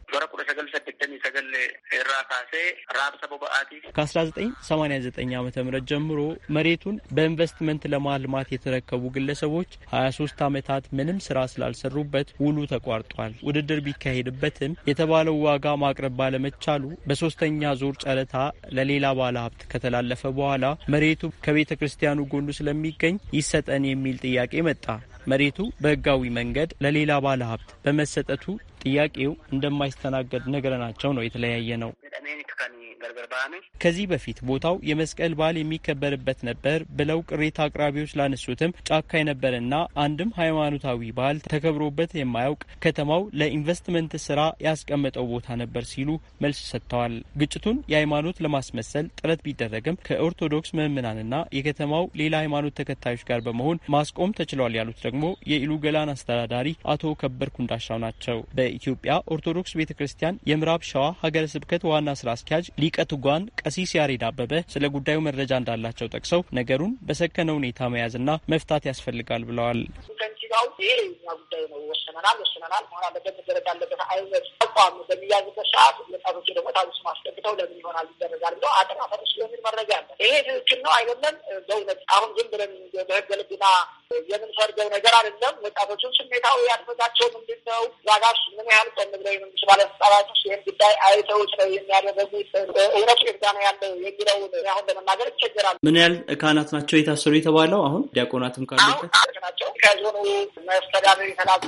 S7: ሰማኒያ ዘጠኝ ዓ ም ጀምሮ መሬቱን በኢንቨስትመንት ለማልማት የተረከቡ ግለሰቦች 23 ዓመታት ምንም ስራ ስላልሰሩበት ውሉ ተቋርጧል። ውድድር ቢካሄድበትም የተባለው ዋጋ ማቅረብ ባለመቻሉ በሶስተኛ ዙር ጨረታ ለሌላ ባለ ሀብት ከተላለፈ በኋላ መሬቱ ከቤተ ክርስቲያኑ ጎኑ ስለሚገኝ ይሰጠን የሚል ጥያቄ መጣ። መሬቱ በህጋዊ መንገድ ለሌላ ባለሀብት በመሰጠቱ ጥያቄው እንደማይስተናገድ ነገረናቸው ነው የተለያየ ነው። ከዚህ በፊት ቦታው የመስቀል በዓል የሚከበርበት ነበር ብለው ቅሬታ አቅራቢዎች ላነሱትም ጫካ የነበረና አንድም ሃይማኖታዊ በዓል ተከብሮበት የማያውቅ ከተማው ለኢንቨስትመንት ስራ ያስቀመጠው ቦታ ነበር ሲሉ መልስ ሰጥተዋል። ግጭቱን የሃይማኖት ለማስመሰል ጥረት ቢደረግም ከኦርቶዶክስ ምዕምናንና የከተማው ሌላ ሃይማኖት ተከታዮች ጋር በመሆን ማስቆም ተችሏል ያሉት ደግሞ የኢሉገላን አስተዳዳሪ አቶ ከበር ኩንዳሻው ናቸው። በኢትዮጵያ ኦርቶዶክስ ቤተ ክርስቲያን የምዕራብ ሸዋ ሀገረ ስብከት ዋና ስራ አስኪያጅ ሊቀ ትጓን ቀሲስ ያሬድ አበበ ስለ ጉዳዩ መረጃ እንዳላቸው ጠቅሰው ነገሩን በሰከነ ሁኔታ መያዝና መፍታት ያስፈልጋል ብለዋል።
S9: ያው ይሄ ጉዳይ ነው፣ ወሰነናል ወሰነናል መሆን አለበት መደረግ አለበት አይነት አቋም በሚያዝበት ሰዓት ወጣቶች ደግሞ ታብስ ማስጠግተው ለምን ይሆናል ይደረጋል ብሎ አጥና ፈርስ ለሚል መረጃ አለ። ይሄ ትክክል ነው አይደለም፣ በእውነት አሁን ዝም ብለን በህገ ልቡና የምንፈርገው ነገር አይደለም። ወጣቶችን ስሜታዊ ያድፈታቸው ምንድን ነው ዛጋሽ ምን ያህል ቀን ብለው የመንግስት ባለስልጣናቶች ይህን ጉዳይ አይተውት ነው የሚያደረጉት እውነቱ የዛ ነው ያለው የሚለውን አሁን ለመናገር ይቸገራል።
S7: ምን ያህል ካህናት ናቸው የታሰሩ የተባለው አሁን ዲያቆናትም ካሉበት
S9: ከዞኑ መስተዳደር የተላኩ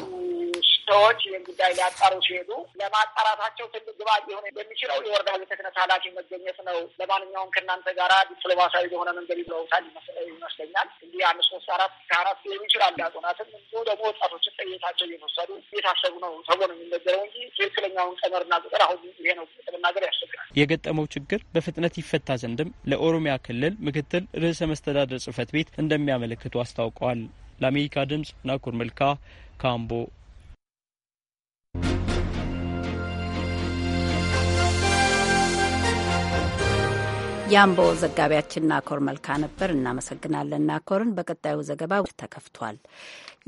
S9: ሰዎች ይህን ጉዳይ ሊያጣሩ ሲሄዱ ለማጣራታቸው ትልቅ ግብዓት ሊሆን የሚችለው የወረዳ ቤተ ክህነት ኃላፊ መገኘት ነው። ለማንኛውም ከእናንተ ጋራ ዲፕሎማሲያዊ በሆነ መንገድ ይለውታል ይመስለኛል። እንዲህ አንድ ሶስት አራት ከአራት ሊሆኑ ይችላል። ዳጦናትም እንዲሁ ደግሞ ወጣቶችን ጠየታቸው እየተወሰዱ እየታሰቡ ነው ተብሎ ነው የሚነገረው እንጂ ትክክለኛውን ቀመርና ቁጥር አሁን ይሄ ነው ለመናገር ያስቸግራል።
S7: የገጠመው ችግር በፍጥነት ይፈታ ዘንድም ለኦሮሚያ ክልል ምክትል ርዕሰ መስተዳደር ጽህፈት ቤት እንደሚያመለክቱ አስታውቀዋል። ለአሜሪካ ድምጽ ናኩር መልካ ካምቦ።
S1: የአምቦ ዘጋቢያችን ናኮር መልካ ነበር። እናመሰግናለን ናኮርን። በቀጣዩ ዘገባ ተከፍቷል።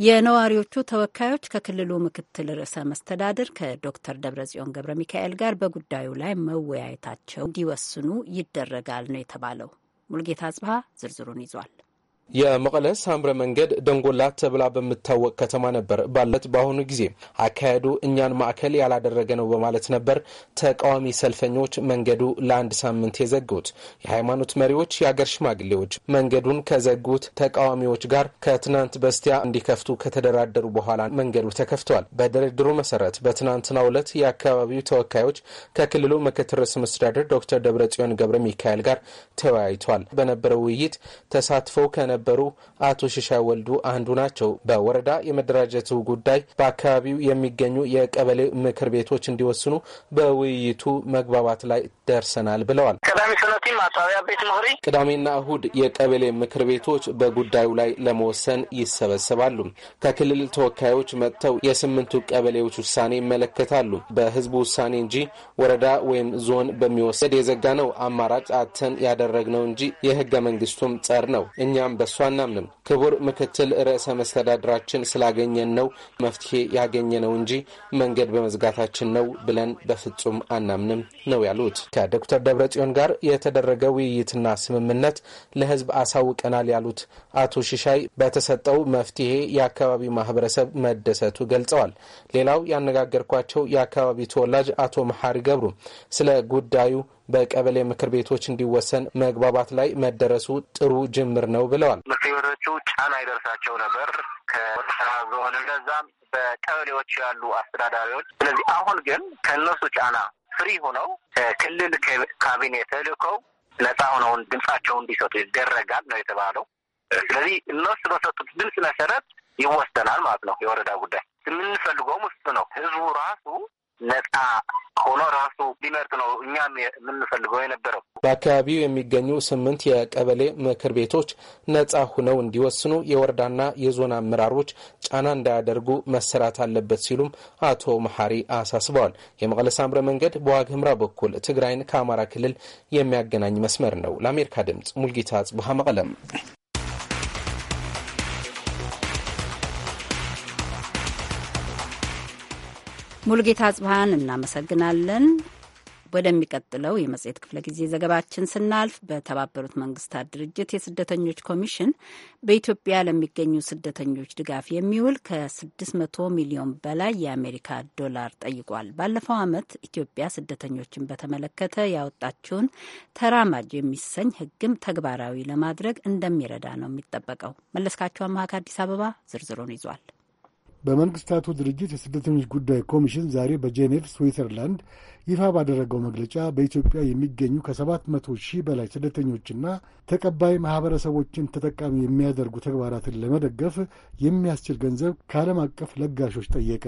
S1: የነዋሪዎቹ ተወካዮች ከክልሉ ምክትል ርዕሰ መስተዳድር ከዶክተር ደብረጽዮን ገብረ ሚካኤል ጋር በጉዳዩ ላይ መወያየታቸው እንዲወስኑ ይደረጋል ነው የተባለው። ሙልጌታ ጽብሃ ዝርዝሩን ይዟል።
S4: የመቀለ ሳምረ መንገድ ደንጎላ ተብላ በምታወቅ ከተማ ነበር ባለት በአሁኑ ጊዜ አካሄዱ እኛን ማዕከል ያላደረገ ነው በማለት ነበር ተቃዋሚ ሰልፈኞች መንገዱ ለአንድ ሳምንት የዘጉት። የሃይማኖት መሪዎች፣ የአገር ሽማግሌዎች መንገዱን ከዘጉት ተቃዋሚዎች ጋር ከትናንት በስቲያ እንዲከፍቱ ከተደራደሩ በኋላ መንገዱ ተከፍተዋል። በድርድሩ መሰረት በትናንትናው ዕለት የአካባቢው ተወካዮች ከክልሉ ምክትል ርዕሰ መስተዳድር ዶክተር ደብረጽዮን ገብረ ሚካኤል ጋር ተወያይቷል። በነበረው ውይይት ተሳትፈው ከነ ከነበሩ አቶ ሽሻ ወልዱ አንዱ ናቸው። በወረዳ የመደራጀቱ ጉዳይ በአካባቢው የሚገኙ የቀበሌ ምክር ቤቶች እንዲወስኑ በውይይቱ መግባባት ላይ ደርሰናል ብለዋል። ቅዳሜና እሁድ የቀበሌ ምክር ቤቶች በጉዳዩ ላይ ለመወሰን ይሰበሰባሉ። ከክልል ተወካዮች መጥተው የስምንቱ ቀበሌዎች ውሳኔ ይመለከታሉ። በህዝቡ ውሳኔ እንጂ ወረዳ ወይም ዞን በሚወሰድ የዘጋ ነው አማራጭ አተን ያደረግነው እንጂ የህገ መንግስቱም ጸር ነው። እኛም በ በእሱ አናምንም። ክቡር ምክትል ርዕሰ መስተዳድራችን ስላገኘን ነው መፍትሄ ያገኘ ነው እንጂ መንገድ በመዝጋታችን ነው ብለን በፍጹም አናምንም ነው ያሉት። ከዶክተር ደብረጽዮን ጋር የተደረገ ውይይትና ስምምነት ለህዝብ አሳውቀናል ያሉት አቶ ሽሻይ በተሰጠው መፍትሄ የአካባቢው ማህበረሰብ መደሰቱ ገልጸዋል። ሌላው ያነጋገርኳቸው የአካባቢው ተወላጅ አቶ መሐሪ ገብሩ ስለ ጉዳዩ በቀበሌ ምክር ቤቶች እንዲወሰን መግባባት ላይ መደረሱ ጥሩ ጅምር ነው ብለዋል።
S9: ምክር ቤቶቹ ጫና ይደርሳቸው ነበር ከወሰራ ዞን እንደዛም በቀበሌዎች ያሉ አስተዳዳሪዎች። ስለዚህ አሁን ግን ከእነሱ ጫና ፍሪ ሆነው ክልል ካቢኔ ተልከው ነፃ ሆነውን ድምፃቸውን እንዲሰጡ ይደረጋል ነው የተባለው። ስለዚህ እነሱ በሰጡት ድምፅ መሰረት ይወሰናል ማለት ነው። የወረዳ ጉዳይ
S10: የምንፈልገውም ውስጥ
S9: ነው። ህዝቡ ራሱ ነጻ ሆኖ ራሱ ሊመርጥ ነው እኛም የምንፈልገው የነበረው።
S4: በአካባቢው የሚገኙ ስምንት የቀበሌ ምክር ቤቶች ነጻ ሁነው እንዲወስኑ የወረዳና የዞን አመራሮች ጫና እንዳያደርጉ መሰራት አለበት ሲሉም አቶ መሐሪ አሳስበዋል። የመቀለ ሳምረ መንገድ በዋግ ህምራ በኩል ትግራይን ከአማራ ክልል የሚያገናኝ መስመር ነው። ለአሜሪካ ድምጽ ሙልጌታ ጽቡሃ መቀለም
S1: ሙልጌታ ጽብሃን እናመሰግናለን። ወደሚቀጥለው የመጽሔት ክፍለ ጊዜ ዘገባችን ስናልፍ በተባበሩት መንግስታት ድርጅት የስደተኞች ኮሚሽን በኢትዮጵያ ለሚገኙ ስደተኞች ድጋፍ የሚውል ከ600 ሚሊዮን በላይ የአሜሪካ ዶላር ጠይቋል። ባለፈው ዓመት ኢትዮጵያ ስደተኞችን በተመለከተ ያወጣችውን ተራማጅ የሚሰኝ ሕግም ተግባራዊ ለማድረግ እንደሚረዳ ነው የሚጠበቀው። መለስካቸው አማካ ከአዲስ አበባ ዝርዝሩን ይዟል።
S2: በመንግስታቱ ድርጅት የስደተኞች ጉዳይ ኮሚሽን ዛሬ በጄኔቭ ስዊትዘርላንድ ይፋ ባደረገው መግለጫ በኢትዮጵያ የሚገኙ ከሰባት መቶ ሺህ በላይ ስደተኞችና ተቀባይ ማህበረሰቦችን ተጠቃሚ የሚያደርጉ ተግባራትን ለመደገፍ የሚያስችል ገንዘብ ከዓለም አቀፍ ለጋሾች ጠየቀ።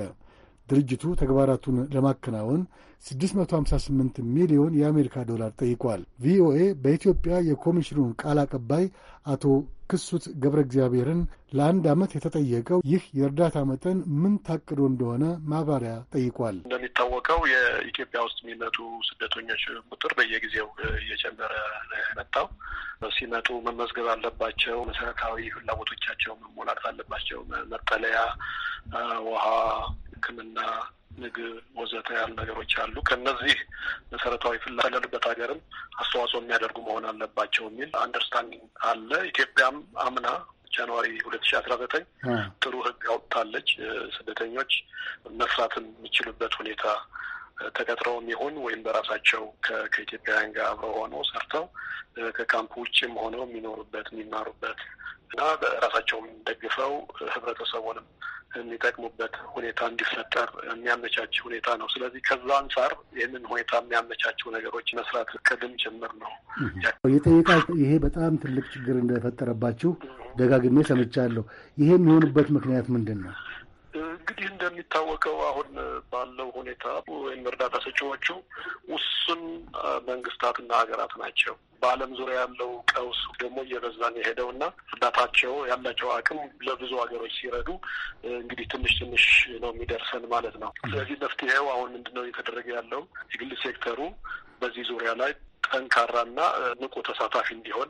S2: ድርጅቱ ተግባራቱን ለማከናወን 658 ሚሊዮን የአሜሪካ ዶላር ጠይቋል። ቪኦኤ በኢትዮጵያ የኮሚሽኑን ቃል አቀባይ አቶ ክሱት ገብረ እግዚአብሔርን ለአንድ ዓመት የተጠየቀው ይህ የእርዳታ መጠን ምን ታቅዶ እንደሆነ ማብራሪያ ጠይቋል።
S8: እንደሚታወቀው የኢትዮጵያ ውስጥ የሚመጡ ስደተኞች ቁጥር በየጊዜው እየጨመረ መጣው ሲመጡ መመዝገብ አለባቸው። መሰረታዊ ፍላጎቶቻቸው መሞላት አለባቸው። መጠለያ፣ ውሃ ሕክምና፣ ምግብ፣ ወዘተ ያሉ ነገሮች አሉ። ከነዚህ መሰረታዊ ፍላለንበት ሀገርም አስተዋጽኦ የሚያደርጉ መሆን አለባቸው የሚል አንደርስታንዲንግ አለ። ኢትዮጵያም አምና ጃንዋሪ ሁለት ሺ አስራ ዘጠኝ ጥሩ ህግ አውጥታለች። ስደተኞች መስራትን የሚችሉበት ሁኔታ ተቀጥረውም ይሁን ወይም በራሳቸው ከኢትዮጵያውያን ጋር አብረው ሆነው ሰርተው ከካምፕ ውጭም ሆነው የሚኖሩበት የሚማሩበት እና በራሳቸውም ደግፈው ህብረተሰቡንም የሚጠቅሙበት ሁኔታ እንዲፈጠር የሚያመቻች ሁኔታ ነው። ስለዚህ ከዛ አንጻር ይህንን ሁኔታ የሚያመቻቸው ነገሮች መስራት ቅድም ጭምር ነው
S9: የጠየቃ። ይሄ በጣም ትልቅ ችግር እንደፈጠረባችሁ ደጋግሜ ሰምቻለሁ።
S10: ይሄ የሚሆንበት ምክንያት ምንድን ነው? እንግዲህ
S8: እንደሚታወቀው አሁን ባለው ሁኔታ ወይም እርዳታ ሰጪዎቹ ውሱን መንግስታትና ሀገራት ናቸው። በዓለም ዙሪያ ያለው ቀውስ ደግሞ እየበዛን የሄደው እና እርዳታቸው ያላቸው አቅም ለብዙ ሀገሮች ሲረዱ እንግዲህ ትንሽ ትንሽ ነው የሚደርሰን ማለት ነው። ስለዚህ መፍትሄው አሁን ምንድነው እየተደረገ ያለው የግል ሴክተሩ በዚህ ዙሪያ ላይ ጠንካራና ንቁ ተሳታፊ እንዲሆን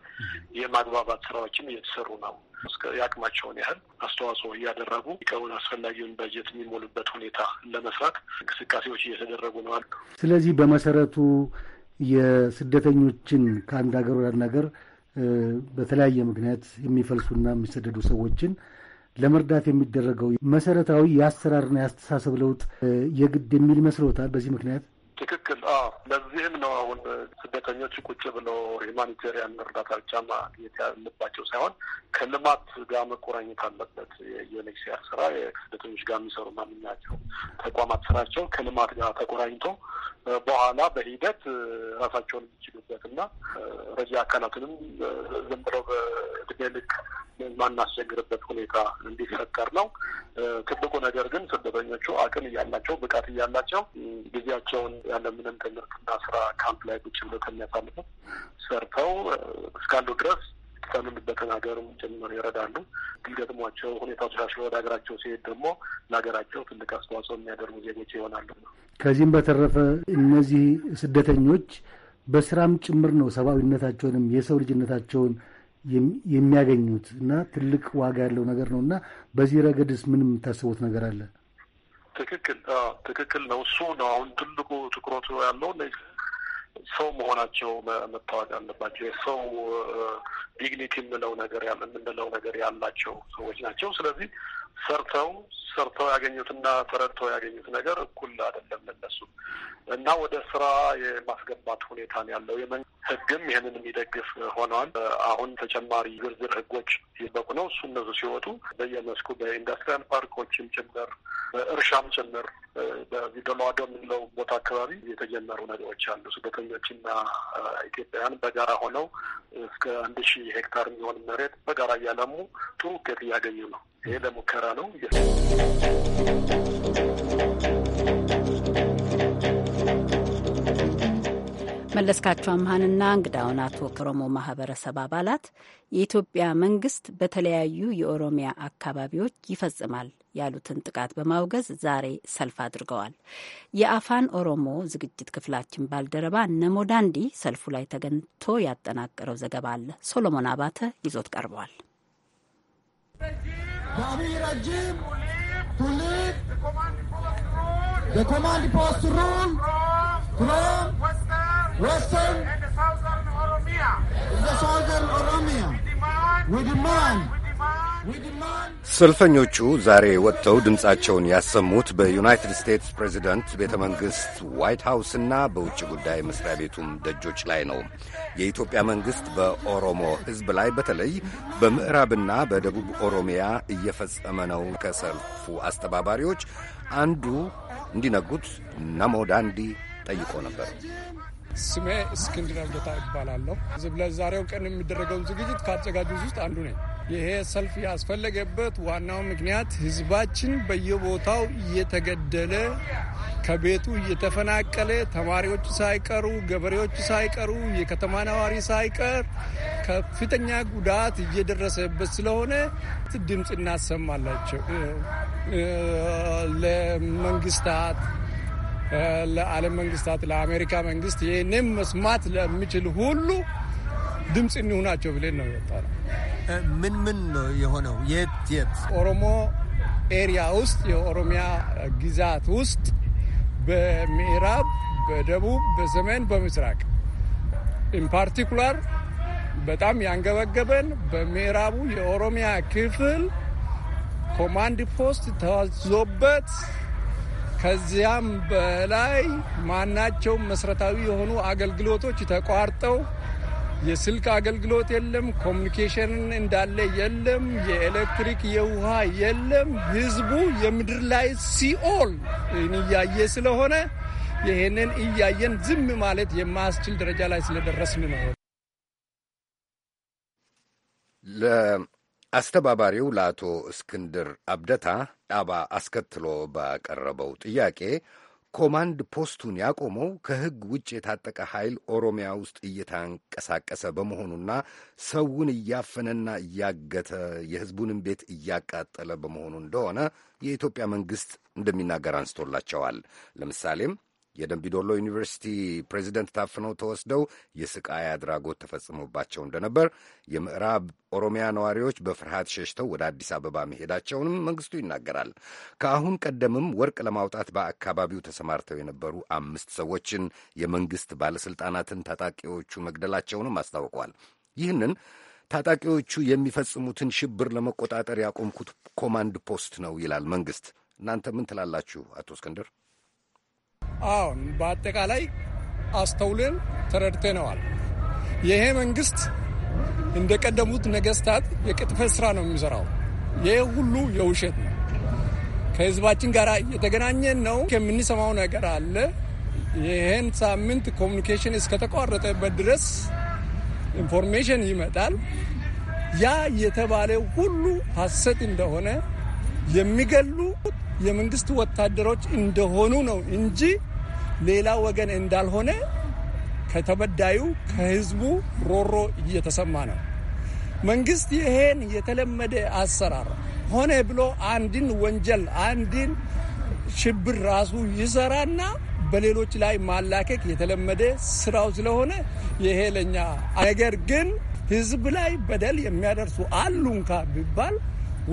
S8: የማግባባት ስራዎችም እየተሰሩ ነው። እስከ የአቅማቸውን ያህል አስተዋጽኦ እያደረጉ ቀውን አስፈላጊውን በጀት የሚሞሉበት ሁኔታ ለመስራት እንቅስቃሴዎች
S9: እየተደረጉ ነው አሉ። ስለዚህ በመሰረቱ የስደተኞችን ከአንድ ሀገር ወደ አንድ ሀገር በተለያየ ምክንያት የሚፈልሱና የሚሰደዱ ሰዎችን ለመርዳት የሚደረገው መሰረታዊ የአሰራርና የአስተሳሰብ ለውጥ የግድ የሚል መስሎታል? በዚህ ምክንያት ትክክል። አዎ
S8: ለዚህም ነው አሁን ስደተኞች ቁጭ ብለው ሂማኒቴሪያን እርዳታ ብቻ ማግኘት ያለባቸው ሳይሆን ከልማት ጋር መቆራኘት አለበት። የዩኤንኤችሲአር ስራ የስደተኞች ጋር የሚሰሩ ማንኛቸው ተቋማት ስራቸው ከልማት ጋር ተቆራኝቶ በኋላ በሂደት ራሳቸውን የሚችሉበት እና ረጂ አካላትንም ዝም ብለው በእድሜ ልክ ማናስቸግርበት ሁኔታ እንዲፈጠር ነው ትልቁ ነገር። ግን ስደተኞቹ አቅም እያላቸው ብቃት እያላቸው ጊዜያቸውን ያለምንም ትምህርትና ስራ ካምፕ ላይ ቁጭ ብሎ ከሚያሳልፈው ሰርተው እስካሉ ድረስ የተሰምንበትን ሀገርም ጭምር ይረዳሉ። ግልገጥሟቸው ሁኔታው ተሻሽሎ ወደ ሀገራቸው ሲሄድ ደግሞ ለሀገራቸው ትልቅ አስተዋጽኦ የሚያደርጉ ዜጎች ይሆናሉ ነው።
S9: ከዚህም በተረፈ እነዚህ ስደተኞች በስራም ጭምር ነው ሰብአዊነታቸውንም የሰው ልጅነታቸውን የሚያገኙት እና ትልቅ ዋጋ ያለው ነገር ነው እና በዚህ ረገድስ ምን የምታስቡት ነገር አለ?
S8: ትክክል ትክክል ነው። እሱ ነው አሁን ትልቁ ትኩረቱ ያለው ሰው መሆናቸው መታወቅ አለባቸው። የሰው ዲግኒቲ የምለው ነገር የምንለው ነገር ያላቸው ሰዎች ናቸው። ስለዚህ ሰርተው ሰርተው ያገኙትና ተረድተው ያገኙት ነገር እኩል አይደለም ለነሱም እና ወደ ስራ የማስገባት ሁኔታ ነው ያለው። የመን ህግም ይህንን የሚደግፍ ሆነዋል። አሁን ተጨማሪ ዝርዝር ህጎች ሲበቁ ነው እሱ እነሱ ሲወጡ በየመስኩ በኢንዱስትሪያል ፓርኮችም ጭምር እርሻም ጭምር በቪደሏዶ የምንለው ቦታ አካባቢ የተጀመሩ ነገሮች አሉ። ስደተኞችና ኢትዮጵያውያን በጋራ ሆነው እስከ አንድ ሺህ ሄክታር የሚሆን መሬት በጋራ እያለሙ ጥሩ ውጤት እያገኙ ነው። ይሄ ለሙከራ ነው።
S1: መለስካቸው አምሃንና እንግዳውን አቶ ከሮሞ ማህበረሰብ አባላት የኢትዮጵያ መንግስት በተለያዩ የኦሮሚያ አካባቢዎች ይፈጽማል ያሉትን ጥቃት በማውገዝ ዛሬ ሰልፍ አድርገዋል። የአፋን ኦሮሞ ዝግጅት ክፍላችን ባልደረባ ነሞዳንዲ ሰልፉ ላይ ተገንቶ ያጠናቀረው ዘገባ አለ። ሶሎሞን አባተ ይዞት ቀርበዋል።
S6: ኮማንድ ፖስት ሩል
S11: Western and the Southern
S2: Oromia. The Southern Oromia.
S6: We demand.
S5: ሰልፈኞቹ ዛሬ ወጥተው ድምፃቸውን ያሰሙት በዩናይትድ ስቴትስ ፕሬዚደንት ቤተ መንግሥት ዋይት ሃውስና በውጭ ጉዳይ መስሪያ ቤቱም ደጆች ላይ ነው። የኢትዮጵያ መንግሥት በኦሮሞ ሕዝብ ላይ በተለይ በምዕራብና በደቡብ ኦሮሚያ እየፈጸመ ነው። ከሰልፉ አስተባባሪዎች አንዱ እንዲነጉት ናሞ ዳንዲ ጠይቆ ነበር።
S6: ስሜ እስክንድር ጌታ ይባላለሁ። ለዛሬው ቀን የሚደረገውን ዝግጅት ከአዘጋጆች ውስጥ አንዱ ነኝ። ይሄ ሰልፍ ያስፈለገበት ዋናው ምክንያት ህዝባችን በየቦታው እየተገደለ ከቤቱ እየተፈናቀለ ተማሪዎች ሳይቀሩ ገበሬዎች ሳይቀሩ የከተማ ነዋሪ ሳይቀር ከፍተኛ ጉዳት እየደረሰበት ስለሆነ ድምፅ እናሰማላቸው ለመንግስታት ለዓለም መንግስታት፣ ለአሜሪካ መንግስት ይህንም መስማት ለሚችል ሁሉ ድምፅ እንሁናቸው ብለን ነው የወጣ ነው። ምን ምን ነው የሆነው? የት የት ኦሮሞ ኤሪያ ውስጥ የኦሮሚያ ግዛት ውስጥ በምዕራብ፣ በደቡብ፣ በሰሜን፣ በምስራቅ ኢንፓርቲኩላር በጣም ያንገበገበን በምዕራቡ የኦሮሚያ ክፍል ኮማንድ ፖስት ተዋዞበት ከዚያም በላይ ማናቸውም መሰረታዊ የሆኑ አገልግሎቶች ተቋርጠው የስልክ አገልግሎት የለም፣ ኮሚኒኬሽን እንዳለ የለም፣ የኤሌክትሪክ የውሃ የለም። ህዝቡ የምድር ላይ ሲኦል እያየ ስለሆነ ይህንን እያየን ዝም ማለት የማያስችል ደረጃ ላይ ስለደረስን ነው።
S5: አስተባባሪው ለአቶ እስክንድር አብደታ አባ አስከትሎ ባቀረበው ጥያቄ ኮማንድ ፖስቱን ያቆመው ከሕግ ውጭ የታጠቀ ኃይል ኦሮሚያ ውስጥ እየተንቀሳቀሰ በመሆኑና ሰውን እያፈነና እያገተ የሕዝቡንም ቤት እያቃጠለ በመሆኑ እንደሆነ የኢትዮጵያ መንግሥት እንደሚናገር አንስቶላቸዋል። ለምሳሌም የደንቢዶሎ ዩኒቨርሲቲ ፕሬዚደንት ታፍነው ተወስደው የስቃይ አድራጎት ተፈጽሞባቸው እንደነበር፣ የምዕራብ ኦሮሚያ ነዋሪዎች በፍርሃት ሸሽተው ወደ አዲስ አበባ መሄዳቸውንም መንግስቱ ይናገራል። ከአሁን ቀደምም ወርቅ ለማውጣት በአካባቢው ተሰማርተው የነበሩ አምስት ሰዎችን የመንግስት ባለሥልጣናትን ታጣቂዎቹ መግደላቸውንም አስታውቋል። ይህንን ታጣቂዎቹ የሚፈጽሙትን ሽብር ለመቆጣጠር ያቆምኩት ኮማንድ ፖስት ነው ይላል መንግስት። እናንተ ምን ትላላችሁ አቶ እስክንድር?
S6: አሁን በአጠቃላይ አስተውለን ተረድተነዋል። ይሄ መንግስት እንደ ቀደሙት ነገስታት የቅጥፈት ስራ ነው የሚሰራው። ይህ ሁሉ የውሸት ነው። ከህዝባችን ጋር እየተገናኘን ነው። የምንሰማው ነገር አለ። ይህን ሳምንት ኮሚኒኬሽን እስከተቋረጠበት ድረስ ኢንፎርሜሽን ይመጣል። ያ የተባለ ሁሉ ሐሰት እንደሆነ የሚገሉ የመንግስት ወታደሮች እንደሆኑ ነው እንጂ ሌላ ወገን እንዳልሆነ ከተበዳዩ ከህዝቡ ሮሮ እየተሰማ ነው። መንግስት ይሄን የተለመደ አሰራር ሆነ ብሎ አንድን ወንጀል አንድን ሽብር ራሱ ይሰራና በሌሎች ላይ ማላከክ የተለመደ ስራው ስለሆነ ይሄ ለኛ ነገር ግን ህዝብ ላይ በደል የሚያደርሱ አሉንካ ቢባል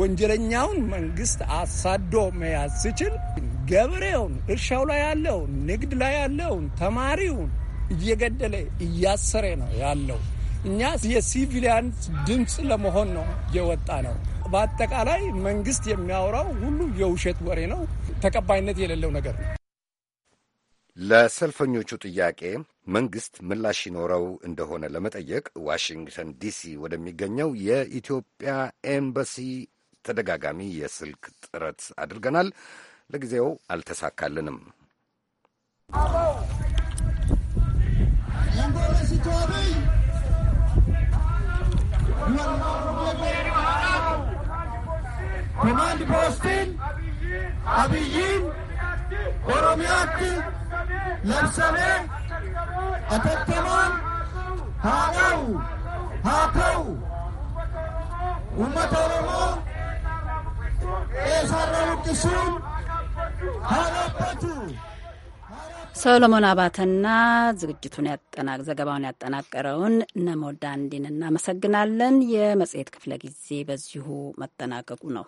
S6: ወንጀለኛውን መንግስት አሳዶ መያዝ ሲችል ገበሬውን፣ እርሻው ላይ ያለውን፣ ንግድ ላይ ያለውን፣ ተማሪውን እየገደለ እያሰረ ነው ያለው። እኛ የሲቪሊያን ድምፅ ለመሆን ነው የወጣ ነው። በአጠቃላይ መንግስት የሚያወራው ሁሉ የውሸት ወሬ ነው፣ ተቀባይነት የሌለው ነገር ነው።
S5: ለሰልፈኞቹ ጥያቄ መንግስት ምላሽ ይኖረው እንደሆነ ለመጠየቅ ዋሽንግተን ዲሲ ወደሚገኘው የኢትዮጵያ ኤምባሲ ተደጋጋሚ የስልክ ጥረት አድርገናል። ለጊዜው አልተሳካልንም።
S10: ኮማንድ ፖስትን አብይን ኦሮሚያት
S6: ለምሳሌ
S9: አተተማን
S6: ሃተው ኡመት ኦሮሞ ኤሳራ ውቅሱን
S1: ሰሎሞን አባተና ዝግጅቱን ዘገባውን ያጠናቀረውን ነሞዳንዲን እናመሰግናለን። የመጽሔት ክፍለ ጊዜ በዚሁ መጠናቀቁ ነው።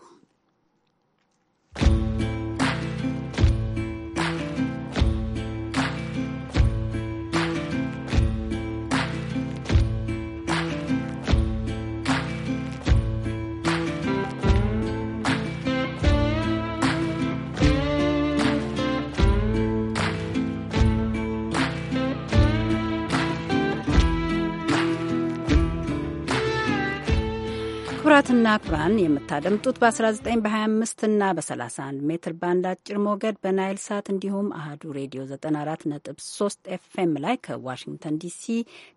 S1: ክቡራትና ክቡራን የምታደምጡት በ19 በ25 እና በ31 ሜትር ባንድ አጭር ሞገድ በናይል ሳት እንዲሁም አህዱ ሬዲዮ 94.3 ኤፍኤም ላይ ከዋሽንግተን ዲሲ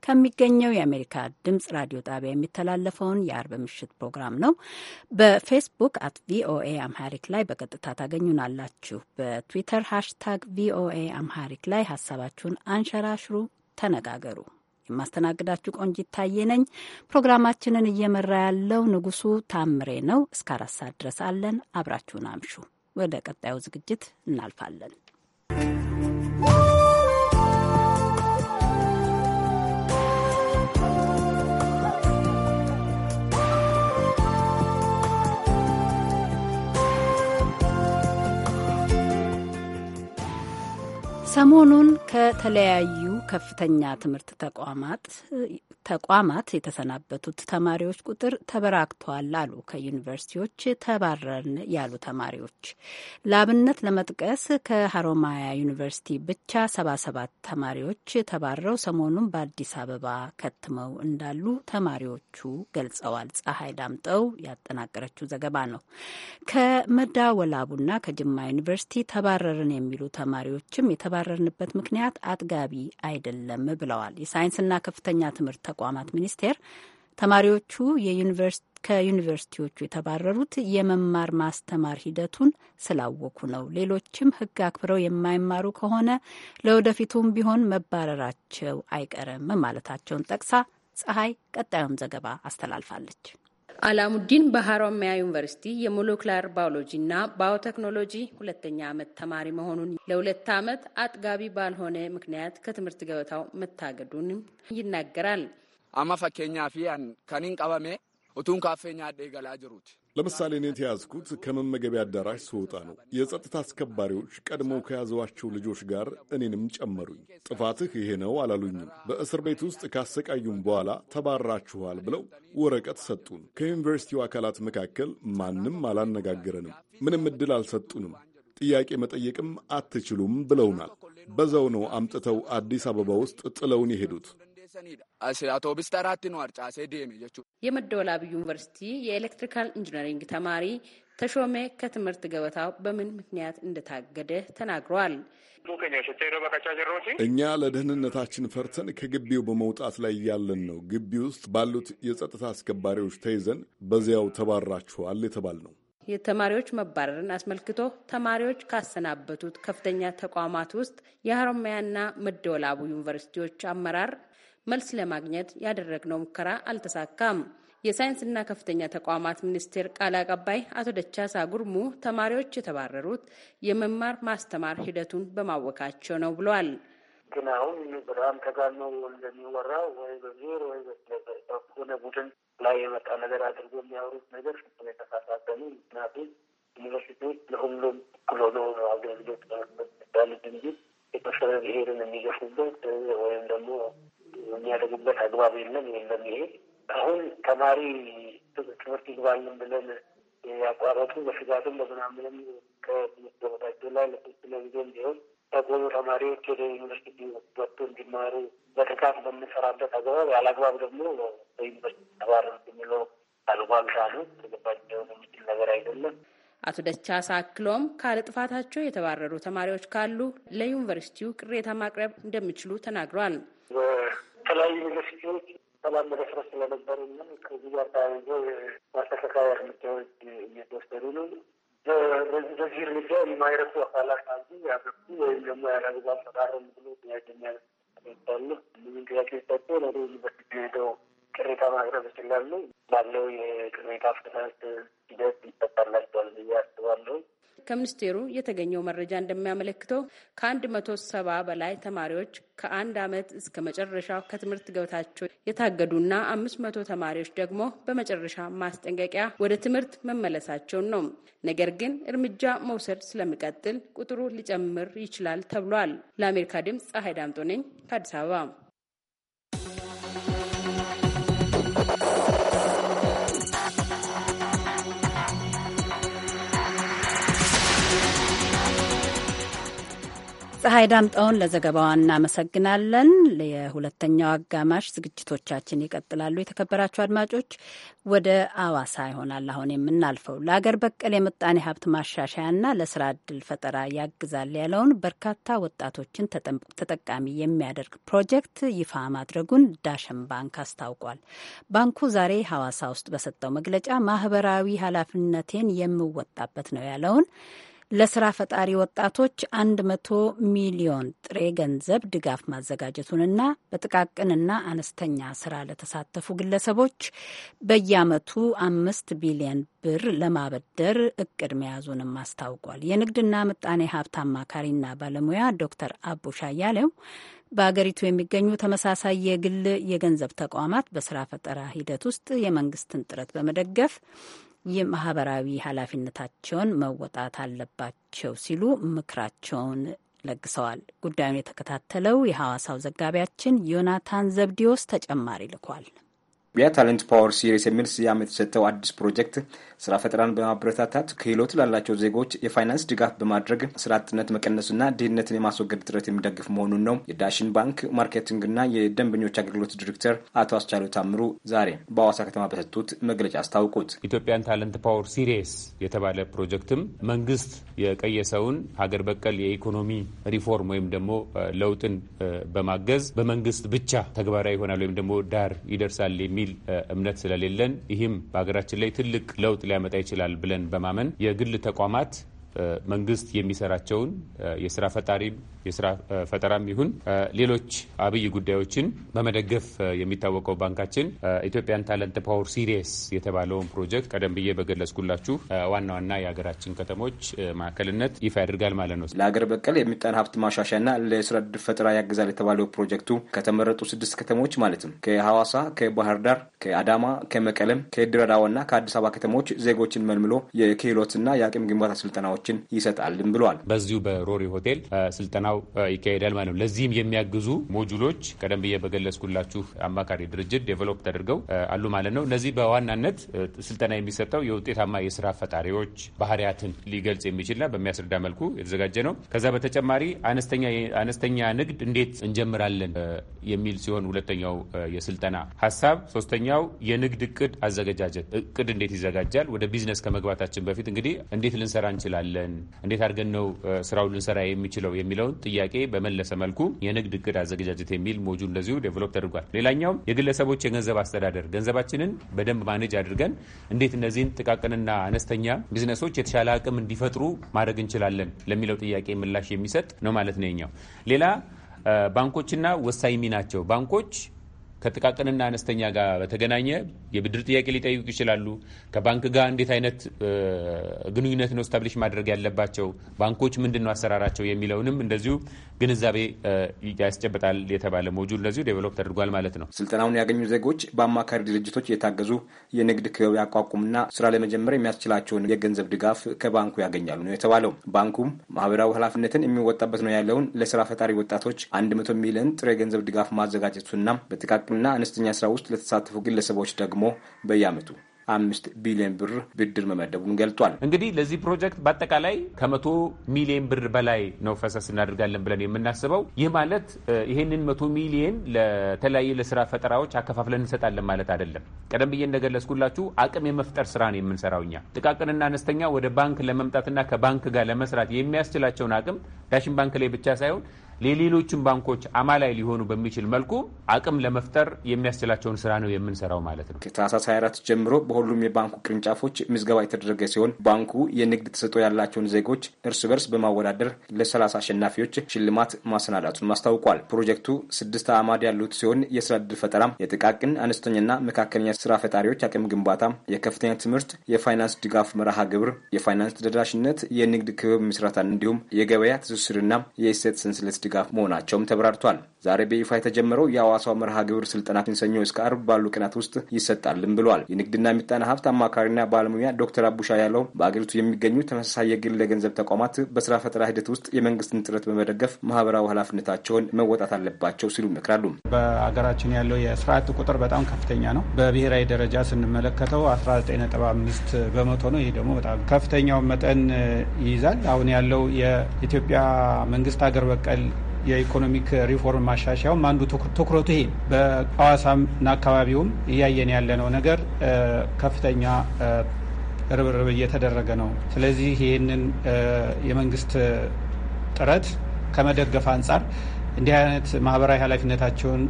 S1: ከሚገኘው የአሜሪካ ድምፅ ራዲዮ ጣቢያ የሚተላለፈውን የአርብ ምሽት ፕሮግራም ነው። በፌስቡክ አት ቪኦኤ አምሃሪክ ላይ በቀጥታ ታገኙናላችሁ። በትዊተር ሃሽታግ ቪኦኤ አምሃሪክ ላይ ሀሳባችሁን አንሸራሽሩ፣ ተነጋገሩ። የማስተናግዳችሁ ቆንጅ ይታየ ነኝ። ፕሮግራማችንን እየመራ ያለው ንጉሱ ታምሬ ነው። እስከ አራት ሰዓት ድረስ አለን። አብራችሁን አምሹ። ወደ ቀጣዩ ዝግጅት እናልፋለን። ሰሞኑን ከተለያዩ ከፍተኛ ትምህርት ተቋማት ተቋማት የተሰናበቱት ተማሪዎች ቁጥር ተበራክቷል አሉ ከዩኒቨርሲቲዎች ተባረርን ያሉ ተማሪዎች። ለአብነት ለመጥቀስ ከሀሮማያ ዩኒቨርሲቲ ብቻ ሰባ ሰባት ተማሪዎች ተባረው ሰሞኑን በአዲስ አበባ ከትመው እንዳሉ ተማሪዎቹ ገልጸዋል። ፀሐይ ዳምጠው ያጠናቀረችው ዘገባ ነው። ከመዳወላቡና ከጅማ ዩኒቨርሲቲ ተባረርን የሚሉ ተማሪዎችም የተባ የተባረርንበት ምክንያት አጥጋቢ አይደለም ብለዋል። የሳይንስና ከፍተኛ ትምህርት ተቋማት ሚኒስቴር ተማሪዎቹ ከዩኒቨርሲቲዎቹ የተባረሩት የመማር ማስተማር ሂደቱን ስላወኩ ነው። ሌሎችም ሕግ አክብረው የማይማሩ ከሆነ ለወደፊቱም ቢሆን መባረራቸው አይቀርም ማለታቸውን ጠቅሳ ፀሐይ ቀጣዩን ዘገባ አስተላልፋለች።
S12: አላሙዲን በሀሮማያ ዩኒቨርሲቲ የሞለኩላር ባዮሎጂ እና ባዮቴክኖሎጂ ሁለተኛ ዓመት ተማሪ መሆኑን ለሁለት ዓመት አጥጋቢ ባልሆነ ምክንያት ከትምህርት ገበታው መታገዱን ይናገራል።
S6: አማ ፈኬኛ ከኒን ቀበሜ ኡቱን ካፌኛ አደ ገላ ጅሩት
S2: ለምሳሌ እኔ የተያዝኩት ከመመገቢያ አዳራሽ ስወጣ ነው። የጸጥታ አስከባሪዎች ቀድመው ከያዘዋቸው ልጆች ጋር እኔንም ጨመሩኝ። ጥፋትህ ይሄ ነው አላሉኝም። በእስር ቤት ውስጥ ካሰቃዩም በኋላ ተባራችኋል ብለው ወረቀት ሰጡን። ከዩኒቨርሲቲው አካላት መካከል ማንም አላነጋግረንም፣ ምንም እድል አልሰጡንም። ጥያቄ መጠየቅም አትችሉም ብለውናል። በዛው ነው አምጥተው አዲስ አበባ ውስጥ ጥለውን የሄዱት።
S6: ሰኒዳ
S12: ዩኒቨርሲቲ የኤሌክትሪካል ኢንጂነሪንግ ተማሪ ተሾሜ ከትምህርት ገበታው በምን ምክንያት እንደታገደ ተናግሯል።
S2: እኛ ለደህንነታችን ፈርተን ከግቢው በመውጣት ላይ ያለን ነው። ግቢ ውስጥ ባሉት የጸጥታ አስከባሪዎች ተይዘን በዚያው ተባራችኋል የተባል ነው።
S12: የተማሪዎች መባረርን አስመልክቶ ተማሪዎች ካሰናበቱት ከፍተኛ ተቋማት ውስጥ የሀሮማያና መደወላቡ ዩኒቨርሲቲዎች አመራር መልስ ለማግኘት ያደረግነው ሙከራ አልተሳካም። የሳይንስና ከፍተኛ ተቋማት ሚኒስቴር ቃል አቀባይ አቶ ደቻሳ ጉርሙ ተማሪዎች የተባረሩት የመማር ማስተማር ሂደቱን በማወካቸው ነው ብሏል።
S13: ግን አሁን በጣም ተጋኖ እንደሚወራው ወይ በዙር ወይ በሆነ ቡድን ላይ የመጣ ነገር አድርጎ የሚያወሩት ነገር ፍጹም የተሳሳተኑ ምክንያቱም ዩኒቨርሲቲዎች ለሁሉም እኩል ሆኖ አገልግሎት ያሉት እንጂ የተሰረ ብሄርን የሚገፉበት ወይም ደግሞ የሚያደርጉበት አግባብ የለም። ይህም በሚሄድ አሁን ተማሪ ትምህርት ይግባልን ብለን ያቋረጡ በስጋትም በምናምንም ከትምህርት ቦታቸው ላይ ለሶስት ለጊዜ እንዲሆን ተጎኑ ተማሪዎች ወደ ዩኒቨርሲቲ ወጥቶ እንዲማሩ በትጋት በምንሰራበት አግባብ ያለአግባብ ደግሞ በዩኒቨርሲቲ ተባረሩት የሚለው አልጓልታ ነው። ተገባቸው የሚችል ነገር
S12: አይደለም። አቶ ደቻሳ አክለውም ካለ ጥፋታቸው የተባረሩ ተማሪዎች ካሉ ለዩኒቨርሲቲው ቅሬታ ማቅረብ እንደሚችሉ ተናግረዋል።
S13: በተለያዩ ዩኒቨርሲቲዎች ሰላም መደፍረስ ስለነበርና ከዚህ ጋር ተያይዞ ማስተካከያ እርምጃዎች እየተወሰዱ ነው። በዚህ እርምጃ የማይረሱ አካላት አሉ ያገቡ ወይም ደግሞ ያለአግባብ ተቃረሙ ብሎ ያገኛሉ። ምን ጥያቄ ሰጡ ወደ ዩኒቨርሲቲ ሄደው ቅሬታ ማቅረብ ይችላሉ። ባለው የቅሬታ ፍታት ሂደት ይፈታላቸዋል ብዬ
S12: አስባለሁ። ከሚኒስቴሩ የተገኘው መረጃ እንደሚያመለክተው ከአንድ መቶ ሰባ በላይ ተማሪዎች ከአንድ ዓመት እስከ መጨረሻው ከትምህርት ገበታቸው የታገዱና አምስት መቶ ተማሪዎች ደግሞ በመጨረሻ ማስጠንቀቂያ ወደ ትምህርት መመለሳቸውን ነው። ነገር ግን እርምጃ መውሰድ ስለሚቀጥል ቁጥሩ ሊጨምር ይችላል ተብሏል። ለአሜሪካ ድምፅ ፀሐይ ዳምጦ ነኝ ከአዲስ አበባ
S3: ፀሐይ
S1: ዳምጠውን ለዘገባዋ እናመሰግናለን። የሁለተኛው አጋማሽ ዝግጅቶቻችን ይቀጥላሉ። የተከበራችሁ አድማጮች፣ ወደ አዋሳ ይሆናል አሁን የምናልፈው። ለአገር በቀል የምጣኔ ሀብት ማሻሻያና ለስራ እድል ፈጠራ ያግዛል ያለውን በርካታ ወጣቶችን ተጠቃሚ የሚያደርግ ፕሮጀክት ይፋ ማድረጉን ዳሽን ባንክ አስታውቋል። ባንኩ ዛሬ ሐዋሳ ውስጥ በሰጠው መግለጫ ማህበራዊ ኃላፊነቴን የምወጣበት ነው ያለውን ለስራ ፈጣሪ ወጣቶች 100 ሚሊዮን ጥሬ ገንዘብ ድጋፍ ማዘጋጀቱንና በጥቃቅንና አነስተኛ ስራ ለተሳተፉ ግለሰቦች በየአመቱ አምስት ቢሊዮን ብር ለማበደር እቅድ መያዙንም አስታውቋል። የንግድና ምጣኔ ሀብት አማካሪና ባለሙያ ዶክተር አቦሻ ያለው በአገሪቱ የሚገኙ ተመሳሳይ የግል የገንዘብ ተቋማት በስራ ፈጠራ ሂደት ውስጥ የመንግስትን ጥረት በመደገፍ የማህበራዊ ኃላፊነታቸውን መወጣት አለባቸው ሲሉ ምክራቸውን ለግሰዋል። ጉዳዩን የተከታተለው የሐዋሳው ዘጋቢያችን ዮናታን ዘብዲዮስ ተጨማሪ ልኳል።
S14: የታለንት ታለንት ፓወር ሲሪስ የሚል ስያሜ የተሰጠው አዲስ ፕሮጀክት ስራ ፈጠራን በማበረታታት ክህሎት ላላቸው ዜጎች የፋይናንስ ድጋፍ በማድረግ ስራ አጥነት መቀነስና ድህነትን የማስወገድ ጥረት የሚደግፍ መሆኑን ነው የዳሽን ባንክ ማርኬቲንግና የደንበኞች አገልግሎት ዲሬክተር አቶ አስቻሉ
S15: ታምሩ ዛሬ በአዋሳ ከተማ በሰጡት መግለጫ አስታውቁት። ኢትዮጵያን ታለንት ፓወር ሲሪስ የተባለ ፕሮጀክትም መንግስት የቀየሰውን ሀገር በቀል የኢኮኖሚ ሪፎርም ወይም ደግሞ ለውጥን በማገዝ በመንግስት ብቻ ተግባራዊ ይሆናል ወይም ደግሞ ዳር ይደርሳል የሚል እምነት ስለሌለን ይህም በሀገራችን ላይ ትልቅ ለውጥ ሊያመጣ ይችላል ብለን በማመን የግል ተቋማት መንግስት የሚሰራቸውን የስራ ፈጣሪ የስራ ፈጠራም ይሁን ሌሎች አብይ ጉዳዮችን በመደገፍ የሚታወቀው ባንካችን ኢትዮጵያን ታለንት ፓወር ሲሪየስ የተባለውን ፕሮጀክት ቀደም ብዬ በገለጽኩላችሁ ዋና ዋና የሀገራችን ከተሞች ማዕከልነት ይፋ ያደርጋል ማለት ነው። ለሀገር በቀል የምጣኔ ሀብት ማሻሻያና
S14: ለስራ ዕድል ፈጠራ ያግዛል የተባለው ፕሮጀክቱ ከተመረጡ ስድስት ከተሞች ማለትም ከሐዋሳ፣ ከባህር ዳር፣ ከአዳማ፣ ከመቀለም፣ ከድሬዳዋና ከአዲስ አበባ ከተሞች ዜጎችን መልምሎ
S15: የክህሎትና የአቅም ግንባታ ስልጠናዎችን ይሰጣልም ብሏል። በዚሁ በሮሪ ሆቴል ስልጠና ስልጠናው ይካሄዳል ማለት ነው። ለዚህም የሚያግዙ ሞጁሎች ቀደም ብዬ በገለጽኩላችሁ አማካሪ ድርጅት ዴቨሎፕ ተደርገው አሉ ማለት ነው። እነዚህ በዋናነት ስልጠና የሚሰጠው የውጤታማ የስራ ፈጣሪዎች ባህሪያትን ሊገልጽ የሚችልና በሚያስረዳ መልኩ የተዘጋጀ ነው። ከዛ በተጨማሪ አነስተኛ ንግድ እንዴት እንጀምራለን የሚል ሲሆን ሁለተኛው የስልጠና ሀሳብ። ሶስተኛው የንግድ እቅድ አዘገጃጀት፣ እቅድ እንዴት ይዘጋጃል? ወደ ቢዝነስ ከመግባታችን በፊት እንግዲህ እንዴት ልንሰራ እንችላለን፣ እንዴት አድርገን ነው ስራው ልንሰራ የሚችለው የሚለውን ጥያቄ በመለሰ መልኩ የንግድ እቅድ አዘገጃጀት የሚል ሞጁ እንደዚሁ ዴቨሎፕ ተደርጓል። ሌላኛውም የግለሰቦች የገንዘብ አስተዳደር ገንዘባችንን በደንብ ማኔጅ አድርገን እንዴት እነዚህን ጥቃቅንና አነስተኛ ቢዝነሶች የተሻለ አቅም እንዲፈጥሩ ማድረግ እንችላለን ለሚለው ጥያቄ ምላሽ የሚሰጥ ነው ማለት ነው። ሌላ ባንኮችና ወሳኝ ሚናቸው ባንኮች ከጥቃቅንና አነስተኛ ጋር በተገናኘ የብድር ጥያቄ ሊጠይቁ ይችላሉ። ከባንክ ጋር እንዴት አይነት ግንኙነት ነው ስታብሊሽ ማድረግ ያለባቸው፣ ባንኮች ምንድን ነው አሰራራቸው የሚለውንም እንደዚሁ ግንዛቤ ያስጨበጣል የተባለ ሞጁል እንደዚሁ ዴቨሎፕ ተደርጓል ማለት ነው። ስልጠናውን ያገኙ ዜጎች
S14: በአማካሪ ድርጅቶች የታገዙ የንግድ ክበብ ያቋቁሙና ስራ ለመጀመር የሚያስችላቸውን የገንዘብ ድጋፍ ከባንኩ ያገኛሉ ነው የተባለው። ባንኩም ማህበራዊ ኃላፊነትን የሚወጣበት ነው ያለውን ለስራ ፈጣሪ ወጣቶች መቶ ሚሊዮን ጥሬ ገንዘብ ድጋፍ ማዘጋጀቱና በጥቃቅ እና አነስተኛ ስራ ውስጥ
S15: ለተሳተፉ ግለሰቦች ደግሞ በየአመቱ አምስት ቢሊዮን ብር ብድር መመደቡን ገልጿል። እንግዲህ ለዚህ ፕሮጀክት በአጠቃላይ ከመቶ ሚሊዮን ብር በላይ ነው ፈሰስ እናደርጋለን ብለን የምናስበው። ይህ ማለት ይህንን መቶ ሚሊዮን ለተለያየ ለስራ ፈጠራዎች አከፋፍለን እንሰጣለን ማለት አይደለም። ቀደም ብዬ እንደገለጽኩላችሁ አቅም የመፍጠር ስራ ነው የምንሰራው እኛ ጥቃቅንና አነስተኛ ወደ ባንክ ለመምጣትና ከባንክ ጋር ለመስራት የሚያስችላቸውን አቅም ዳሽን ባንክ ላይ ብቻ ሳይሆን ለሌሎችም ባንኮች አማላይ ሊሆኑ በሚችል መልኩ አቅም ለመፍጠር የሚያስችላቸውን ስራ ነው የምንሰራው ማለት ነው። ከታህሳስ
S14: 24 ጀምሮ በሁሉም የባንኩ ቅርንጫፎች ምዝገባ የተደረገ ሲሆን ባንኩ የንግድ ተሰጥኦ ያላቸውን ዜጎች እርስ በርስ በማወዳደር ለ30 አሸናፊዎች ሽልማት ማሰናዳቱን አስታውቋል። ፕሮጀክቱ ስድስት አማድ ያሉት ሲሆን የስራ እድል ፈጠራ፣ የጥቃቅን አነስተኛና መካከለኛ ስራ ፈጣሪዎች አቅም ግንባታ፣ የከፍተኛ ትምህርት የፋይናንስ ድጋፍ መርሃ ግብር፣ የፋይናንስ ተደራሽነት፣ የንግድ ክበብ ምስረታን እንዲሁም የገበያ ትስስርና የእሴት ሰንሰለት ድጋፍ መሆናቸውም ተብራርቷል። ዛሬ በይፋ የተጀመረው የአዋሳው መርሃ ግብር ስልጠና ሰኞ እስከ አርብ ባሉ ቀናት ውስጥ ይሰጣልም ብሏል። የንግድና ምጣኔ ሀብት አማካሪና ባለሙያ ዶክተር አቡሻ ያለው በአገሪቱ የሚገኙ ተመሳሳይ የግል ለገንዘብ ተቋማት በስራ ፈጠራ ሂደት ውስጥ የመንግስትን ጥረት በመደገፍ ማህበራዊ ኃላፊነታቸውን መወጣት አለባቸው ሲሉ ይመክራሉ።
S11: በአገራችን ያለው የስራ አጥ ቁጥር በጣም ከፍተኛ ነው። በብሔራዊ ደረጃ ስንመለከተው 19.5 በመቶ ነው። ይሄ ደግሞ በጣም ከፍተኛው መጠን ይይዛል። አሁን ያለው የኢትዮጵያ መንግስት ሀገር በቀል የኢኮኖሚክ ሪፎርም ማሻሻያውም አንዱ ትኩረቱ ይሄ በሐዋሳምና አካባቢውም እያየን ያለነው ነገር ከፍተኛ ርብርብ እየተደረገ ነው። ስለዚህ ይህንን የመንግስት ጥረት ከመደገፍ አንጻር እንዲህ አይነት ማህበራዊ ኃላፊነታቸውን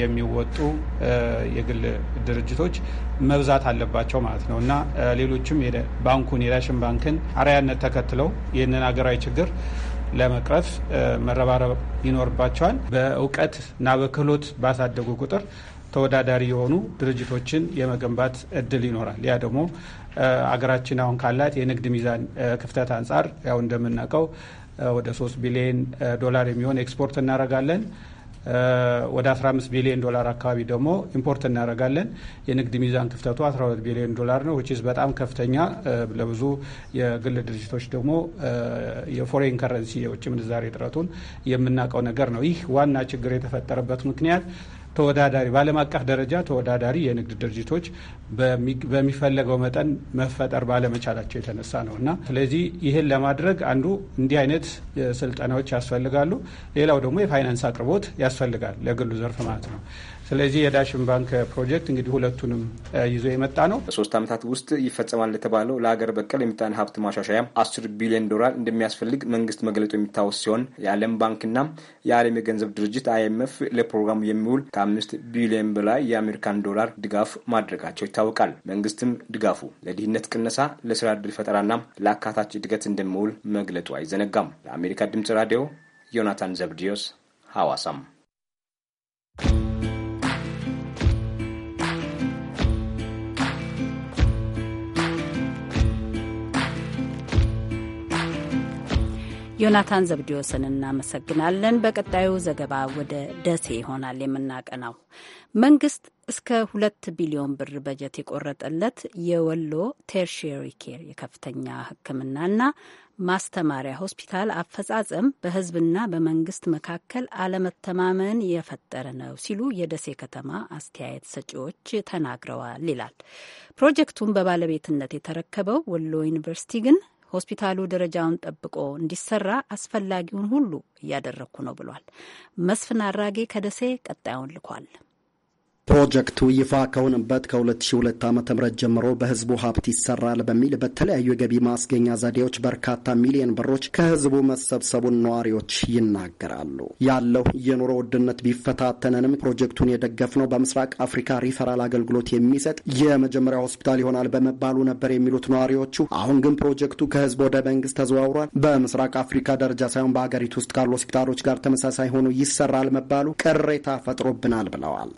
S11: የሚወጡ የግል ድርጅቶች መብዛት አለባቸው ማለት ነው እና ሌሎችም ባንኩን የዳሽን ባንክን አርአያነት ተከትለው ይህንን ሀገራዊ ችግር ለመቅረፍ መረባረብ ይኖርባቸዋል። በእውቀት እና በክህሎት ባሳደጉ ቁጥር ተወዳዳሪ የሆኑ ድርጅቶችን የመገንባት እድል ይኖራል። ያ ደግሞ አገራችን አሁን ካላት የንግድ ሚዛን ክፍተት አንጻር ያው እንደምናውቀው ወደ ሶስት ቢሊዮን ዶላር የሚሆን ኤክስፖርት እናደርጋለን። ወደ 15 ቢሊዮን ዶላር አካባቢ ደግሞ ኢምፖርት እናደርጋለን። የንግድ ሚዛን ክፍተቱ 12 ቢሊዮን ዶላር ነው ዊች በጣም ከፍተኛ ለብዙ የግል ድርጅቶች ደግሞ የፎሬን ከረንሲ የውጭ ምንዛሬ እጥረቱን የምናውቀው ነገር ነው። ይህ ዋና ችግር የተፈጠረበት ምክንያት ተወዳዳሪ በዓለም አቀፍ ደረጃ ተወዳዳሪ የንግድ ድርጅቶች በሚፈለገው መጠን መፈጠር ባለመቻላቸው የተነሳ ነው እና ስለዚህ ይህን ለማድረግ አንዱ እንዲህ አይነት ስልጠናዎች ያስፈልጋሉ። ሌላው ደግሞ የፋይናንስ አቅርቦት ያስፈልጋል ለግሉ ዘርፍ ማለት ነው። ስለዚህ የዳሽን ባንክ ፕሮጀክት እንግዲህ ሁለቱንም
S14: ይዞ የመጣ ነው። በሶስት ዓመታት ውስጥ ይፈጸማል ለተባለው ለሀገር በቀል የምጣኔ ሀብት ማሻሻያ አስር ቢሊዮን ዶላር እንደሚያስፈልግ መንግስት መግለጹ የሚታወስ ሲሆን የዓለም ባንክና የዓለም የገንዘብ ድርጅት አይኤምኤፍ ለፕሮግራሙ የሚውል ከአምስት ቢሊዮን በላይ የአሜሪካን ዶላር ድጋፍ ማድረጋቸው ይታወቃል። መንግስትም ድጋፉ ለድህነት ቅነሳ፣ ለስራ ዕድል ፈጠራና ለአካታች እድገት እንደሚውል መግለጡ አይዘነጋም። ለአሜሪካ ድምጽ ራዲዮ ዮናታን ዘብዲዮስ ሐዋሳም
S1: ዮናታን ዘብዲዮስን እናመሰግናለን። በቀጣዩ ዘገባ ወደ ደሴ ይሆናል የምናቀናው። መንግስት እስከ ሁለት ቢሊዮን ብር በጀት የቆረጠለት የወሎ ቴርሽሪ ኬር የከፍተኛ ሕክምናና ማስተማሪያ ሆስፒታል አፈጻጸም በህዝብና በመንግስት መካከል አለመተማመን የፈጠረ ነው ሲሉ የደሴ ከተማ አስተያየት ሰጪዎች ተናግረዋል ይላል። ፕሮጀክቱን በባለቤትነት የተረከበው ወሎ ዩኒቨርሲቲ ግን ሆስፒታሉ ደረጃውን ጠብቆ እንዲሰራ አስፈላጊውን ሁሉ እያደረግኩ ነው ብሏል። መስፍን አራጌ ከደሴ ቀጣዩን ልኳል።
S9: ፕሮጀክቱ ይፋ ከሆነበት ከ2002 ዓ ም ጀምሮ በህዝቡ ሀብት ይሰራል በሚል በተለያዩ የገቢ ማስገኛ ዘዴዎች በርካታ ሚሊዮን ብሮች ከህዝቡ መሰብሰቡን ነዋሪዎች ይናገራሉ። ያለው የኑሮ ውድነት ቢፈታተነንም ፕሮጀክቱን የደገፍነው በምስራቅ አፍሪካ ሪፈራል አገልግሎት የሚሰጥ የመጀመሪያ ሆስፒታል ይሆናል በመባሉ ነበር የሚሉት ነዋሪዎቹ፣ አሁን ግን ፕሮጀክቱ ከህዝብ ወደ መንግስት ተዘዋውሯል። በምስራቅ አፍሪካ ደረጃ ሳይሆን በሀገሪቱ ውስጥ ካሉ ሆስፒታሎች ጋር ተመሳሳይ ሆኖ ይሰራል መባሉ ቅሬታ ፈጥሮብናል ብለዋል።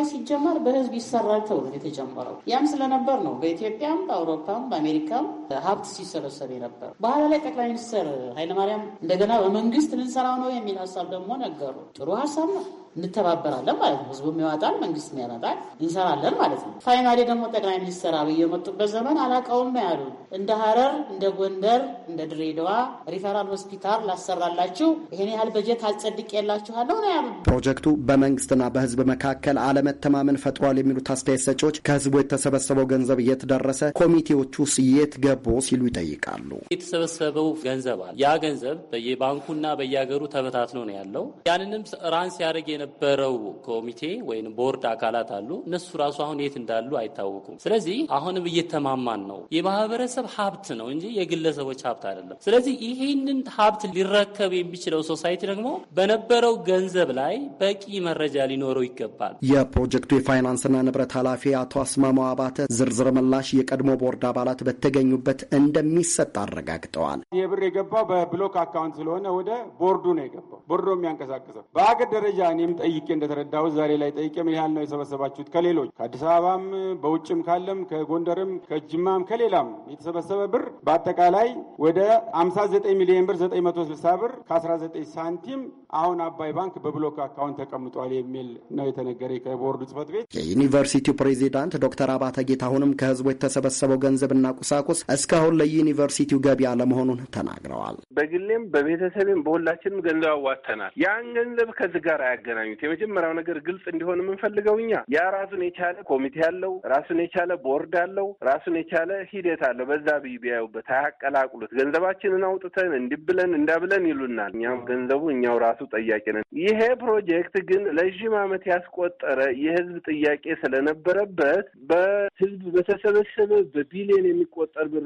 S12: ነገር በህዝብ ይሰራል ተብሎ የተጀመረው ያም ስለነበር ነው። በኢትዮጵያም በአውሮፓም በአሜሪካም ሀብት ሲሰበሰብ የነበር በኋላ ላይ ጠቅላይ ሚኒስትር ኃይለማርያም እንደገና በመንግስት ልንሰራው ነው የሚል ሀሳብ ደግሞ ነገሩ። ጥሩ ሀሳብ ነው። እንተባበራለን ማለት ነው። ህዝቡም ያወጣል፣ መንግስትም ያመጣል፣ እንሰራለን ማለት ነው። ፋይናሊ ደግሞ ጠቅላይ ሚኒስትር አብይ የመጡበት ዘመን አላውቀውም ያሉ እንደ ሀረር፣ እንደ ጎንደር፣ እንደ ድሬዳዋ ሪፈራል ሆስፒታል ላሰራላችሁ ይሄን ያህል በጀት አልጸድቅ የላችኋለሁ ነው ያሉ።
S9: ፕሮጀክቱ በመንግስትና በህዝብ መካከል አለመተማመን ፈጥሯል የሚሉት አስተያየት ሰጪዎች ከህዝቡ የተሰበሰበው ገንዘብ እየተደረሰ ደረሰ፣ ኮሚቴዎቹ የት ገቡ ሲሉ ይጠይቃሉ።
S15: የተሰበሰበው ገንዘብ አለ። ያ ገንዘብ በየባንኩና በየሀገሩ ተበታትኖ ነው ያለው። ያንንም ራን ሲያደርግ የነበረው ኮሚቴ ወይም ቦርድ አካላት አሉ። እነሱ ራሱ አሁን የት እንዳሉ አይታወቁም። ስለዚህ አሁንም እየተማማን ነው። የማህበረሰብ ሀብት ነው እንጂ የግለሰቦች ሀብት አይደለም። ስለዚህ ይህንን ሀብት ሊረከብ የሚችለው ሶሳይቲ ደግሞ በነበረው ገንዘብ ላይ በቂ መረጃ ሊኖረው ይገባል።
S9: የፕሮጀክቱ የፋይናንስና ንብረት ኃላፊ አቶ አስማማው አባተ ዝርዝር ምላሽ የቀድሞ ቦርድ አባላት በተገኙበት እንደሚሰጥ
S11: አረጋግጠዋል። የብር የገባው በብሎክ አካውንት ስለሆነ ወደ ቦርዱ ነው የገባው። ቦርዶ የሚያንቀሳቀሰው በአገር ደረጃ እኔ እኔም ጠይቄ እንደተረዳሁት ዛሬ ላይ ጠይቄ ምን ያህል ነው የሰበሰባችሁት? ከሌሎች ከአዲስ አበባም በውጭም ካለም ከጎንደርም ከጅማም ከሌላም የተሰበሰበ ብር በአጠቃላይ ወደ 59 ሚሊዮን ብር 960 ብር ከ19 ሳንቲም አሁን አባይ ባንክ በብሎክ አካውንት ተቀምጧል የሚል ነው የተነገረ ከቦርዱ ጽህፈት ቤት።
S9: የዩኒቨርሲቲው ፕሬዚዳንት ዶክተር አባተ ጌታሁንም ከህዝቡ የተሰበሰበው ገንዘብና ቁሳቁስ እስካሁን ለዩኒቨርሲቲው ገቢ አለመሆኑን ተናግረዋል።
S10: በግሌም በቤተሰብም በሁላችንም ገንዘብ አዋተናል። ያን ገንዘብ ከዚህ ጋር አያገ የሚገናኙት። የመጀመሪያው ነገር ግልጽ እንዲሆን የምንፈልገው እኛ ያ ራሱን የቻለ ኮሚቴ አለው፣ ራሱን የቻለ ቦርድ አለው፣ ራሱን የቻለ ሂደት አለው። በዛ ብይ ቢያዩበት፣ አያቀላቅሉት። ገንዘባችንን አውጥተን እንዲብለን እንዳብለን ይሉናል። እኛም ገንዘቡ እኛው ራሱ ጠያቂ ነን። ይሄ ፕሮጀክት ግን ለዥም ዓመት ያስቆጠረ የህዝብ ጥያቄ ስለነበረበት በህዝብ በተሰበሰበ በቢሊዮን የሚቆጠር ብር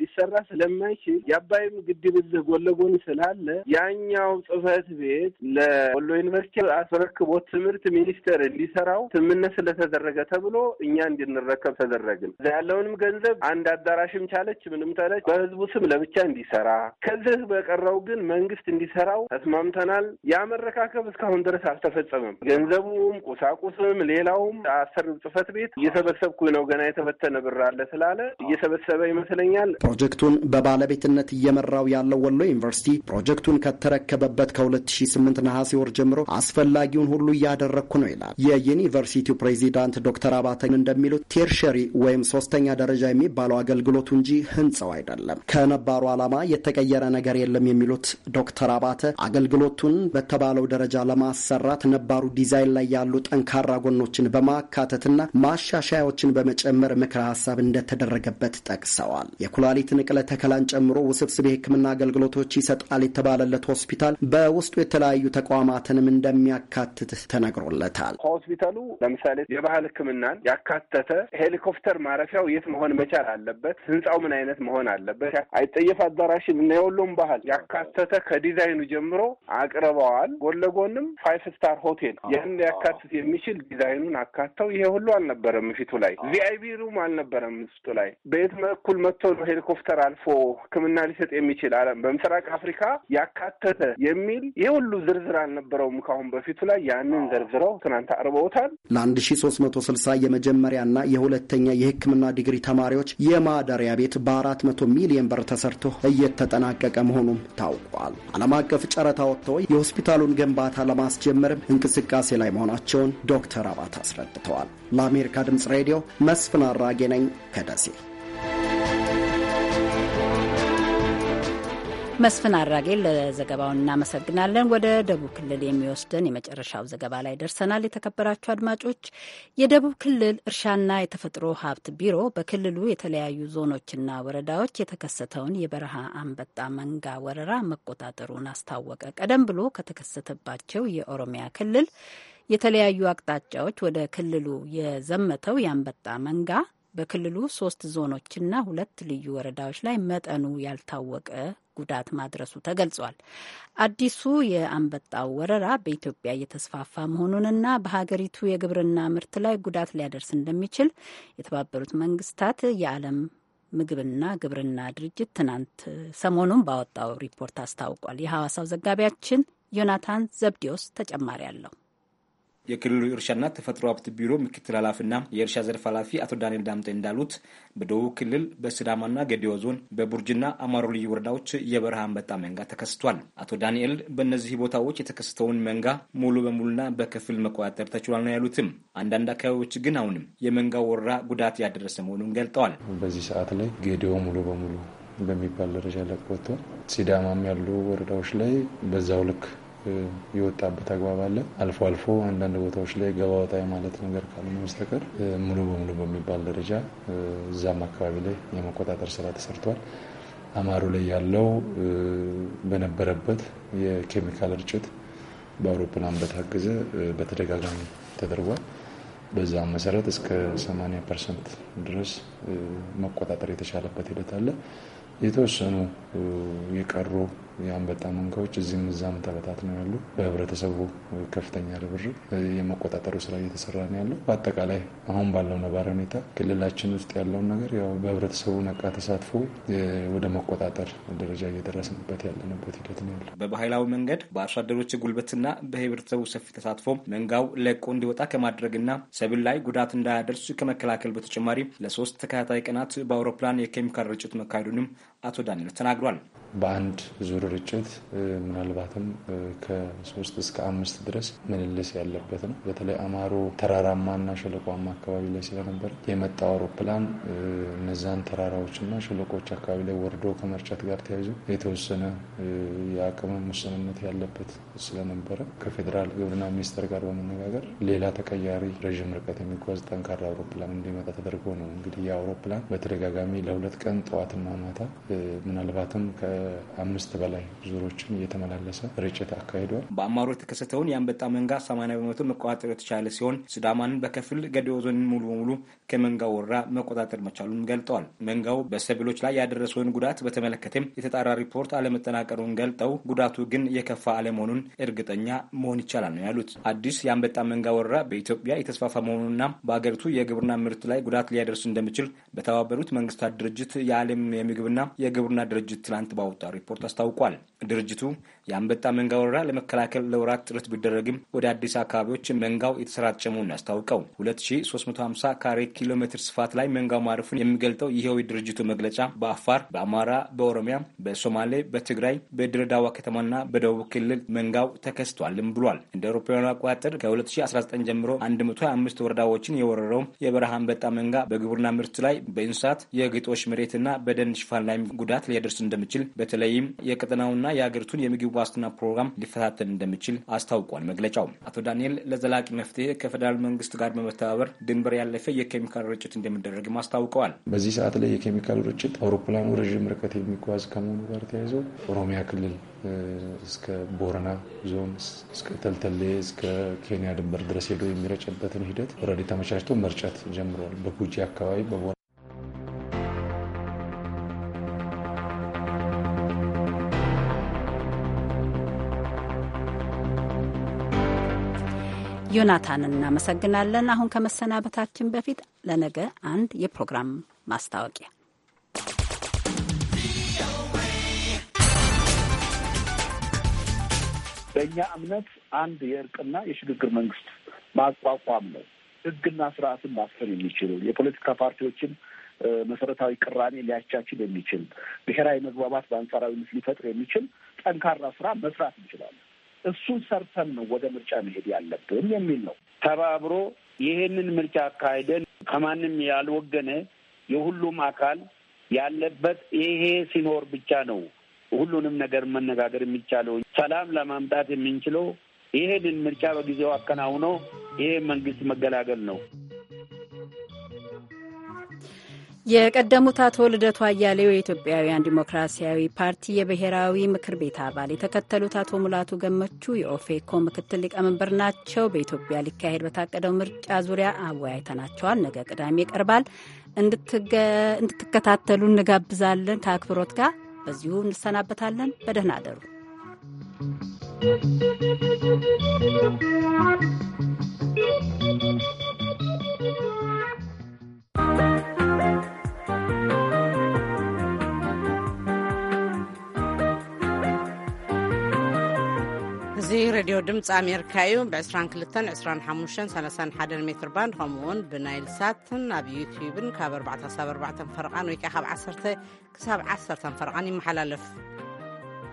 S10: ሊሰራ ስለማይችል የአባይም ግድብ ጎን ለጎን ስላለ ያኛው ጽህፈት ቤት ለወሎ ዩኒቨርሲቲ አስረክቦት ትምህርት ሚኒስቴር እንዲሰራው ስምምነት ስለተደረገ ተብሎ እኛ እንድንረከብ ተደረግን። እዛ ያለውንም ገንዘብ አንድ አዳራሽም ቻለች ምንም ተለች በህዝቡ ስም ለብቻ እንዲሰራ፣ ከዚህ በቀረው ግን መንግስት እንዲሰራው ተስማምተናል። ያ መረካከብ እስካሁን ድረስ አልተፈጸመም። ገንዘቡም ቁሳቁስም ሌላውም አሰሪ ጽህፈት ቤት እየሰበሰብኩ ነው ገና የተበተነ ብር አለ ስላለ እየሰበሰበ ይመስለኛል።
S9: ፕሮጀክቱን በባለቤትነት እየመራው ያለው ወሎ ዩኒቨርሲቲ ፕሮጀክቱን ከተረከበበት ከ2008 ነሐሴ ወር ጀምሮ አስፈ አስፈላጊውን ሁሉ እያደረግኩ ነው ይላል። የዩኒቨርሲቲው ፕሬዚዳንት ዶክተር አባተ እንደሚሉት ቴርሸሪ ወይም ሶስተኛ ደረጃ የሚባለው አገልግሎቱ እንጂ ህንፃው አይደለም። ከነባሩ ዓላማ የተቀየረ ነገር የለም የሚሉት ዶክተር አባተ አገልግሎቱን በተባለው ደረጃ ለማሰራት ነባሩ ዲዛይን ላይ ያሉ ጠንካራ ጎኖችን በማካተትና ማሻሻያዎችን በመጨመር ምክረ ሀሳብ እንደተደረገበት ጠቅሰዋል። የኩላሊት ንቅለ ተከላን ጨምሮ ውስብስብ የህክምና አገልግሎቶች ይሰጣል የተባለለት ሆስፒታል በውስጡ የተለያዩ ተቋማትንም እንደሚ እንደሚያካትት ተነግሮለታል።
S10: ሆስፒታሉ ለምሳሌ የባህል ሕክምናን ያካተተ ሄሊኮፕተር ማረፊያው የት መሆን መቻል አለበት፣ ህንፃው ምን አይነት መሆን አለበት፣ አይጠየፍ አዳራሽን እና የወሎም ባህል ያካተተ ከዲዛይኑ ጀምሮ አቅርበዋል። ጎን ለጎንም ፋይፍ ስታር ሆቴል ይህን ያካትት የሚችል ዲዛይኑን አካተው ይሄ ሁሉ አልነበረም። ምሽቱ ላይ ቪአይቪ ሩም አልነበረም። ምሽቱ ላይ በየት በኩል መጥቶ ነው ሄሊኮፕተር አልፎ ሕክምና ሊሰጥ የሚችል አለም በምስራቅ አፍሪካ ያካተተ የሚል ይህ ሁሉ ዝርዝር አልነበረውም ከአሁን በ በፊቱ ላይ ያንን ዘርዝረው ትናንት አቅርበውታል።
S9: ለአንድ ሺ ሶስት መቶ ስልሳ የመጀመሪያና የሁለተኛ የሕክምና ዲግሪ ተማሪዎች የማደሪያ ቤት በአራት መቶ ሚሊዮን ብር ተሰርቶ እየተጠናቀቀ መሆኑም ታውቋል። ዓለም አቀፍ ጨረታ ወጥተው የሆስፒታሉን ግንባታ ለማስጀመርም እንቅስቃሴ ላይ መሆናቸውን ዶክተር አባት አስረድተዋል። ለአሜሪካ ድምፅ ሬዲዮ መስፍን አራጌ ነኝ ከደሴ።
S1: መስፍን አራጌን ለዘገባው እናመሰግናለን። ወደ ደቡብ ክልል የሚወስደን የመጨረሻው ዘገባ ላይ ደርሰናል። የተከበራችሁ አድማጮች፣ የደቡብ ክልል እርሻና የተፈጥሮ ሀብት ቢሮ በክልሉ የተለያዩ ዞኖችና ወረዳዎች የተከሰተውን የበረሃ አንበጣ መንጋ ወረራ መቆጣጠሩን አስታወቀ። ቀደም ብሎ ከተከሰተባቸው የኦሮሚያ ክልል የተለያዩ አቅጣጫዎች ወደ ክልሉ የዘመተው የአንበጣ መንጋ በክልሉ ሶስት ዞኖችና ሁለት ልዩ ወረዳዎች ላይ መጠኑ ያልታወቀ ጉዳት ማድረሱ ተገልጿል። አዲሱ የአንበጣው ወረራ በኢትዮጵያ እየተስፋፋ መሆኑንና በሀገሪቱ የግብርና ምርት ላይ ጉዳት ሊያደርስ እንደሚችል የተባበሩት መንግስታት የዓለም ምግብና ግብርና ድርጅት ትናንት ሰሞኑን ባወጣው ሪፖርት አስታውቋል። የሐዋሳው ዘጋቢያችን ዮናታን ዘብዲዮስ ተጨማሪ አለው።
S14: የክልሉ እርሻና ተፈጥሮ ሀብት ቢሮ ምክትል ኃላፊና የእርሻ ዘርፍ ኃላፊ አቶ ዳንኤል ዳምጤ እንዳሉት በደቡብ ክልል በስዳማና ገዲዮ ዞን በቡርጅና አማሮ ልዩ ወረዳዎች የበረሃ አንበጣ መንጋ ተከስቷል። አቶ ዳንኤል በእነዚህ ቦታዎች የተከሰተውን መንጋ ሙሉ በሙሉና በከፍል መቆጣጠር ተችሏል ነው ያሉትም። አንዳንድ አካባቢዎች ግን አሁንም የመንጋ ወረራ ጉዳት ያደረሰ መሆኑን ገልጠዋል።
S16: በዚህ ሰዓት ላይ ገዲዮ ሙሉ በሙሉ በሚባል ደረጃ ለቆ ሲዳማም ያሉ ወረዳዎች ላይ በዛው ልክ የወጣበት አግባብ አለ። አልፎ አልፎ አንዳንድ ቦታዎች ላይ ገባ ወጣ የማለት ነገር ካልሆነ በስተቀር ሙሉ በሙሉ በሚባል ደረጃ እዛም አካባቢ ላይ የመቆጣጠር ስራ ተሰርቷል። አማሩ ላይ ያለው በነበረበት የኬሚካል እርጭት በአውሮፕላን በታገዘ በተደጋጋሚ ተደርጓል። በዛ መሰረት እስከ 80 ፐርሰንት ድረስ መቆጣጠር የተቻለበት ሂደት አለ። የተወሰኑ የቀሩ የአንበጣ መንጋዎች እዚህም እዛም ነው ያሉ በህብረተሰቡ ከፍተኛ ርብር የመቆጣጠሩ ስራ እየተሰራ ነው ያለው። በአጠቃላይ አሁን ባለው ነባሪ ሁኔታ ክልላችን ውስጥ ያለውን ነገር ያው በህብረተሰቡ ነቃ ተሳትፎ ወደ መቆጣጠር ደረጃ እየደረስንበት ያለንበት ሂደት ነው ያለው።
S14: በባህላዊ መንገድ በአርሶ አደሮች ጉልበትና በህብረተሰቡ ሰፊ ተሳትፎ መንጋው ለቆ እንዲወጣ ከማድረግና ሰብል ላይ ጉዳት እንዳያደርሱ ከመከላከል በተጨማሪ ለሶስት ተከታታይ ቀናት በአውሮፕላን የኬሚካል ርጭት መካሄዱንም አቶ ዳንኤል
S16: ተናግሯል። በአንድ ዙር ርጭት ምናልባትም ከሶስት እስከ አምስት ድረስ ምልልስ ያለበት ነው። በተለይ አማሮ ተራራማና ሸለቋማ አካባቢ ላይ ስለነበረ የመጣው አውሮፕላን እነዛን ተራራዎችና ሸለቆች አካባቢ ላይ ወርዶ ከመርጨት ጋር ተያይዞ የተወሰነ የአቅም ውስንነት ያለበት ስለነበረ ከፌዴራል ግብርና ሚኒስቴር ጋር በመነጋገር ሌላ ተቀያሪ ረዥም ርቀት የሚጓዝ ጠንካራ አውሮፕላን እንዲመጣ ተደርጎ ነው። እንግዲህ የአውሮፕላን በተደጋጋሚ ለሁለት ቀን ጠዋትና ማታ ምናልባትም ከአምስት በላይ ዙሮችን እየተመላለሰ ርጭት አካሂዷል።
S14: በአማሮ የተከሰተውን የአንበጣ መንጋ 80 በመቶ መቆጣጠር የተቻለ ሲሆን ስዳማንን በከፊል ገዲዮ ዞን ሙሉ በሙሉ ከመንጋው ወረራ መቆጣጠር መቻሉን ገልጠዋል። መንጋው በሰብሎች ላይ ያደረሰውን ጉዳት በተመለከተም የተጣራ ሪፖርት አለመጠናቀሩን ገልጠው ጉዳቱ ግን የከፋ አለመሆኑን እርግጠኛ መሆን ይቻላል ነው ያሉት። አዲስ የአንበጣ መንጋ ወረራ በኢትዮጵያ የተስፋፋ መሆኑንና በአገሪቱ የግብርና ምርት ላይ ጉዳት ሊያደርስ እንደሚችል በተባበሩት መንግስታት ድርጅት የዓለም የምግብና የግብርና ድርጅት ትናንት ባወጣው ሪፖርት አስታውቋል። ድርጅቱ የአንበጣ መንጋ ወረራ ለመከላከል ለወራት ጥረት ቢደረግም ወደ አዲስ አካባቢዎች መንጋው የተሰራጨ መሆኑን አስታውቀው 2350 ካሬ ኪሎ ሜትር ስፋት ላይ መንጋው ማረፉን የሚገልጠው ይኸው የድርጅቱ መግለጫ በአፋር፣ በአማራ፣ በኦሮሚያ፣ በሶማሌ፣ በትግራይ፣ በድሬዳዋ ከተማና በደቡብ ክልል መንጋው ተከስቷልም ብሏል። እንደ አውሮፓውያኑ አቆጣጠር ከ2019 ጀምሮ 125 ወረዳዎችን የወረረው የበረሃ አንበጣ መንጋ በግብርና ምርት ላይ በእንስሳት የግጦሽ መሬትና በደን ሽፋን ላይ ጉዳት ሊያደርስ እንደሚችል በተለይም የቀጠናውና የሀገሪቱን የምግብ ዋስትና ፕሮግራም ሊፈታተን እንደሚችል አስታውቋል መግለጫው። አቶ ዳንኤል ለዘላቂ መፍትሄ ከፌዴራል መንግስት ጋር በመተባበር ድንበር ያለፈ የኬሚካል ርጭት እንደሚደረግም አስታውቀዋል።
S16: በዚህ ሰዓት ላይ የኬሚካል ርጭት አውሮፕላኑ ረዥም ርቀት የሚጓዝ ከመሆኑ ጋር ተያይዞ ኦሮሚያ ክልል እስከ ቦረና ዞን እስከ ተልተሌ እስከ ኬንያ ድንበር ድረስ ሄዶ የሚረጨበትን ሂደት ኦልሬዲ ተመቻችቶ መርጨት ጀምረዋል። በጉጂ አካባቢ
S1: ዮናታን እናመሰግናለን። አሁን ከመሰናበታችን በፊት ለነገ አንድ የፕሮግራም ማስታወቂያ
S10: በእኛ እምነት አንድ
S13: የእርቅና የሽግግር መንግስት ማቋቋም ነው። ህግና ስርዓትን ማስፈን የሚችል የፖለቲካ ፓርቲዎችን መሰረታዊ ቅራኔ ሊያቻችል የሚችል ብሔራዊ መግባባት በአንጻራዊነት ሊፈጥር የሚችል ጠንካራ ስራ መስራት እንችላለን። እሱን ሰርተን ነው ወደ ምርጫ መሄድ ያለብን የሚል ነው።
S10: ተባብሮ ይህንን ምርጫ አካሄደን ከማንም ያልወገነ የሁሉም አካል ያለበት ይሄ ሲኖር ብቻ ነው ሁሉንም ነገር መነጋገር የሚቻለው። ሰላም ለማምጣት የምንችለው ይሄንን ምርጫ በጊዜው አከናውኖ ይሄ መንግስት መገላገል ነው።
S1: የቀደሙት አቶ ልደቱ አያሌው የኢትዮጵያውያን ዲሞክራሲያዊ ፓርቲ የብሔራዊ ምክር ቤት አባል፣ የተከተሉት አቶ ሙላቱ ገመቹ የኦፌኮ ምክትል ሊቀመንበር ናቸው። በኢትዮጵያ ሊካሄድ በታቀደው ምርጫ ዙሪያ አወያይተናቸዋል። ነገ ቅዳሜ ይቀርባል። እንድትከታተሉ እንጋብዛለን። ከአክብሮት ጋር በዚሁ እንሰናበታለን። በደህና አደሩ።
S12: እዚ ሬድዮ ድምፂ ኣሜሪካ እዩ ብ 2235 31 ሜትር ባንድ ከምኡውን ብናይል ሳትን ኣብ
S3: ዩትብን ካብ 4 ሳብ 4 ፈርቓን ወይከዓ ካብ 1 ክሳብ 1 ፈርቓን ይመሓላለፍ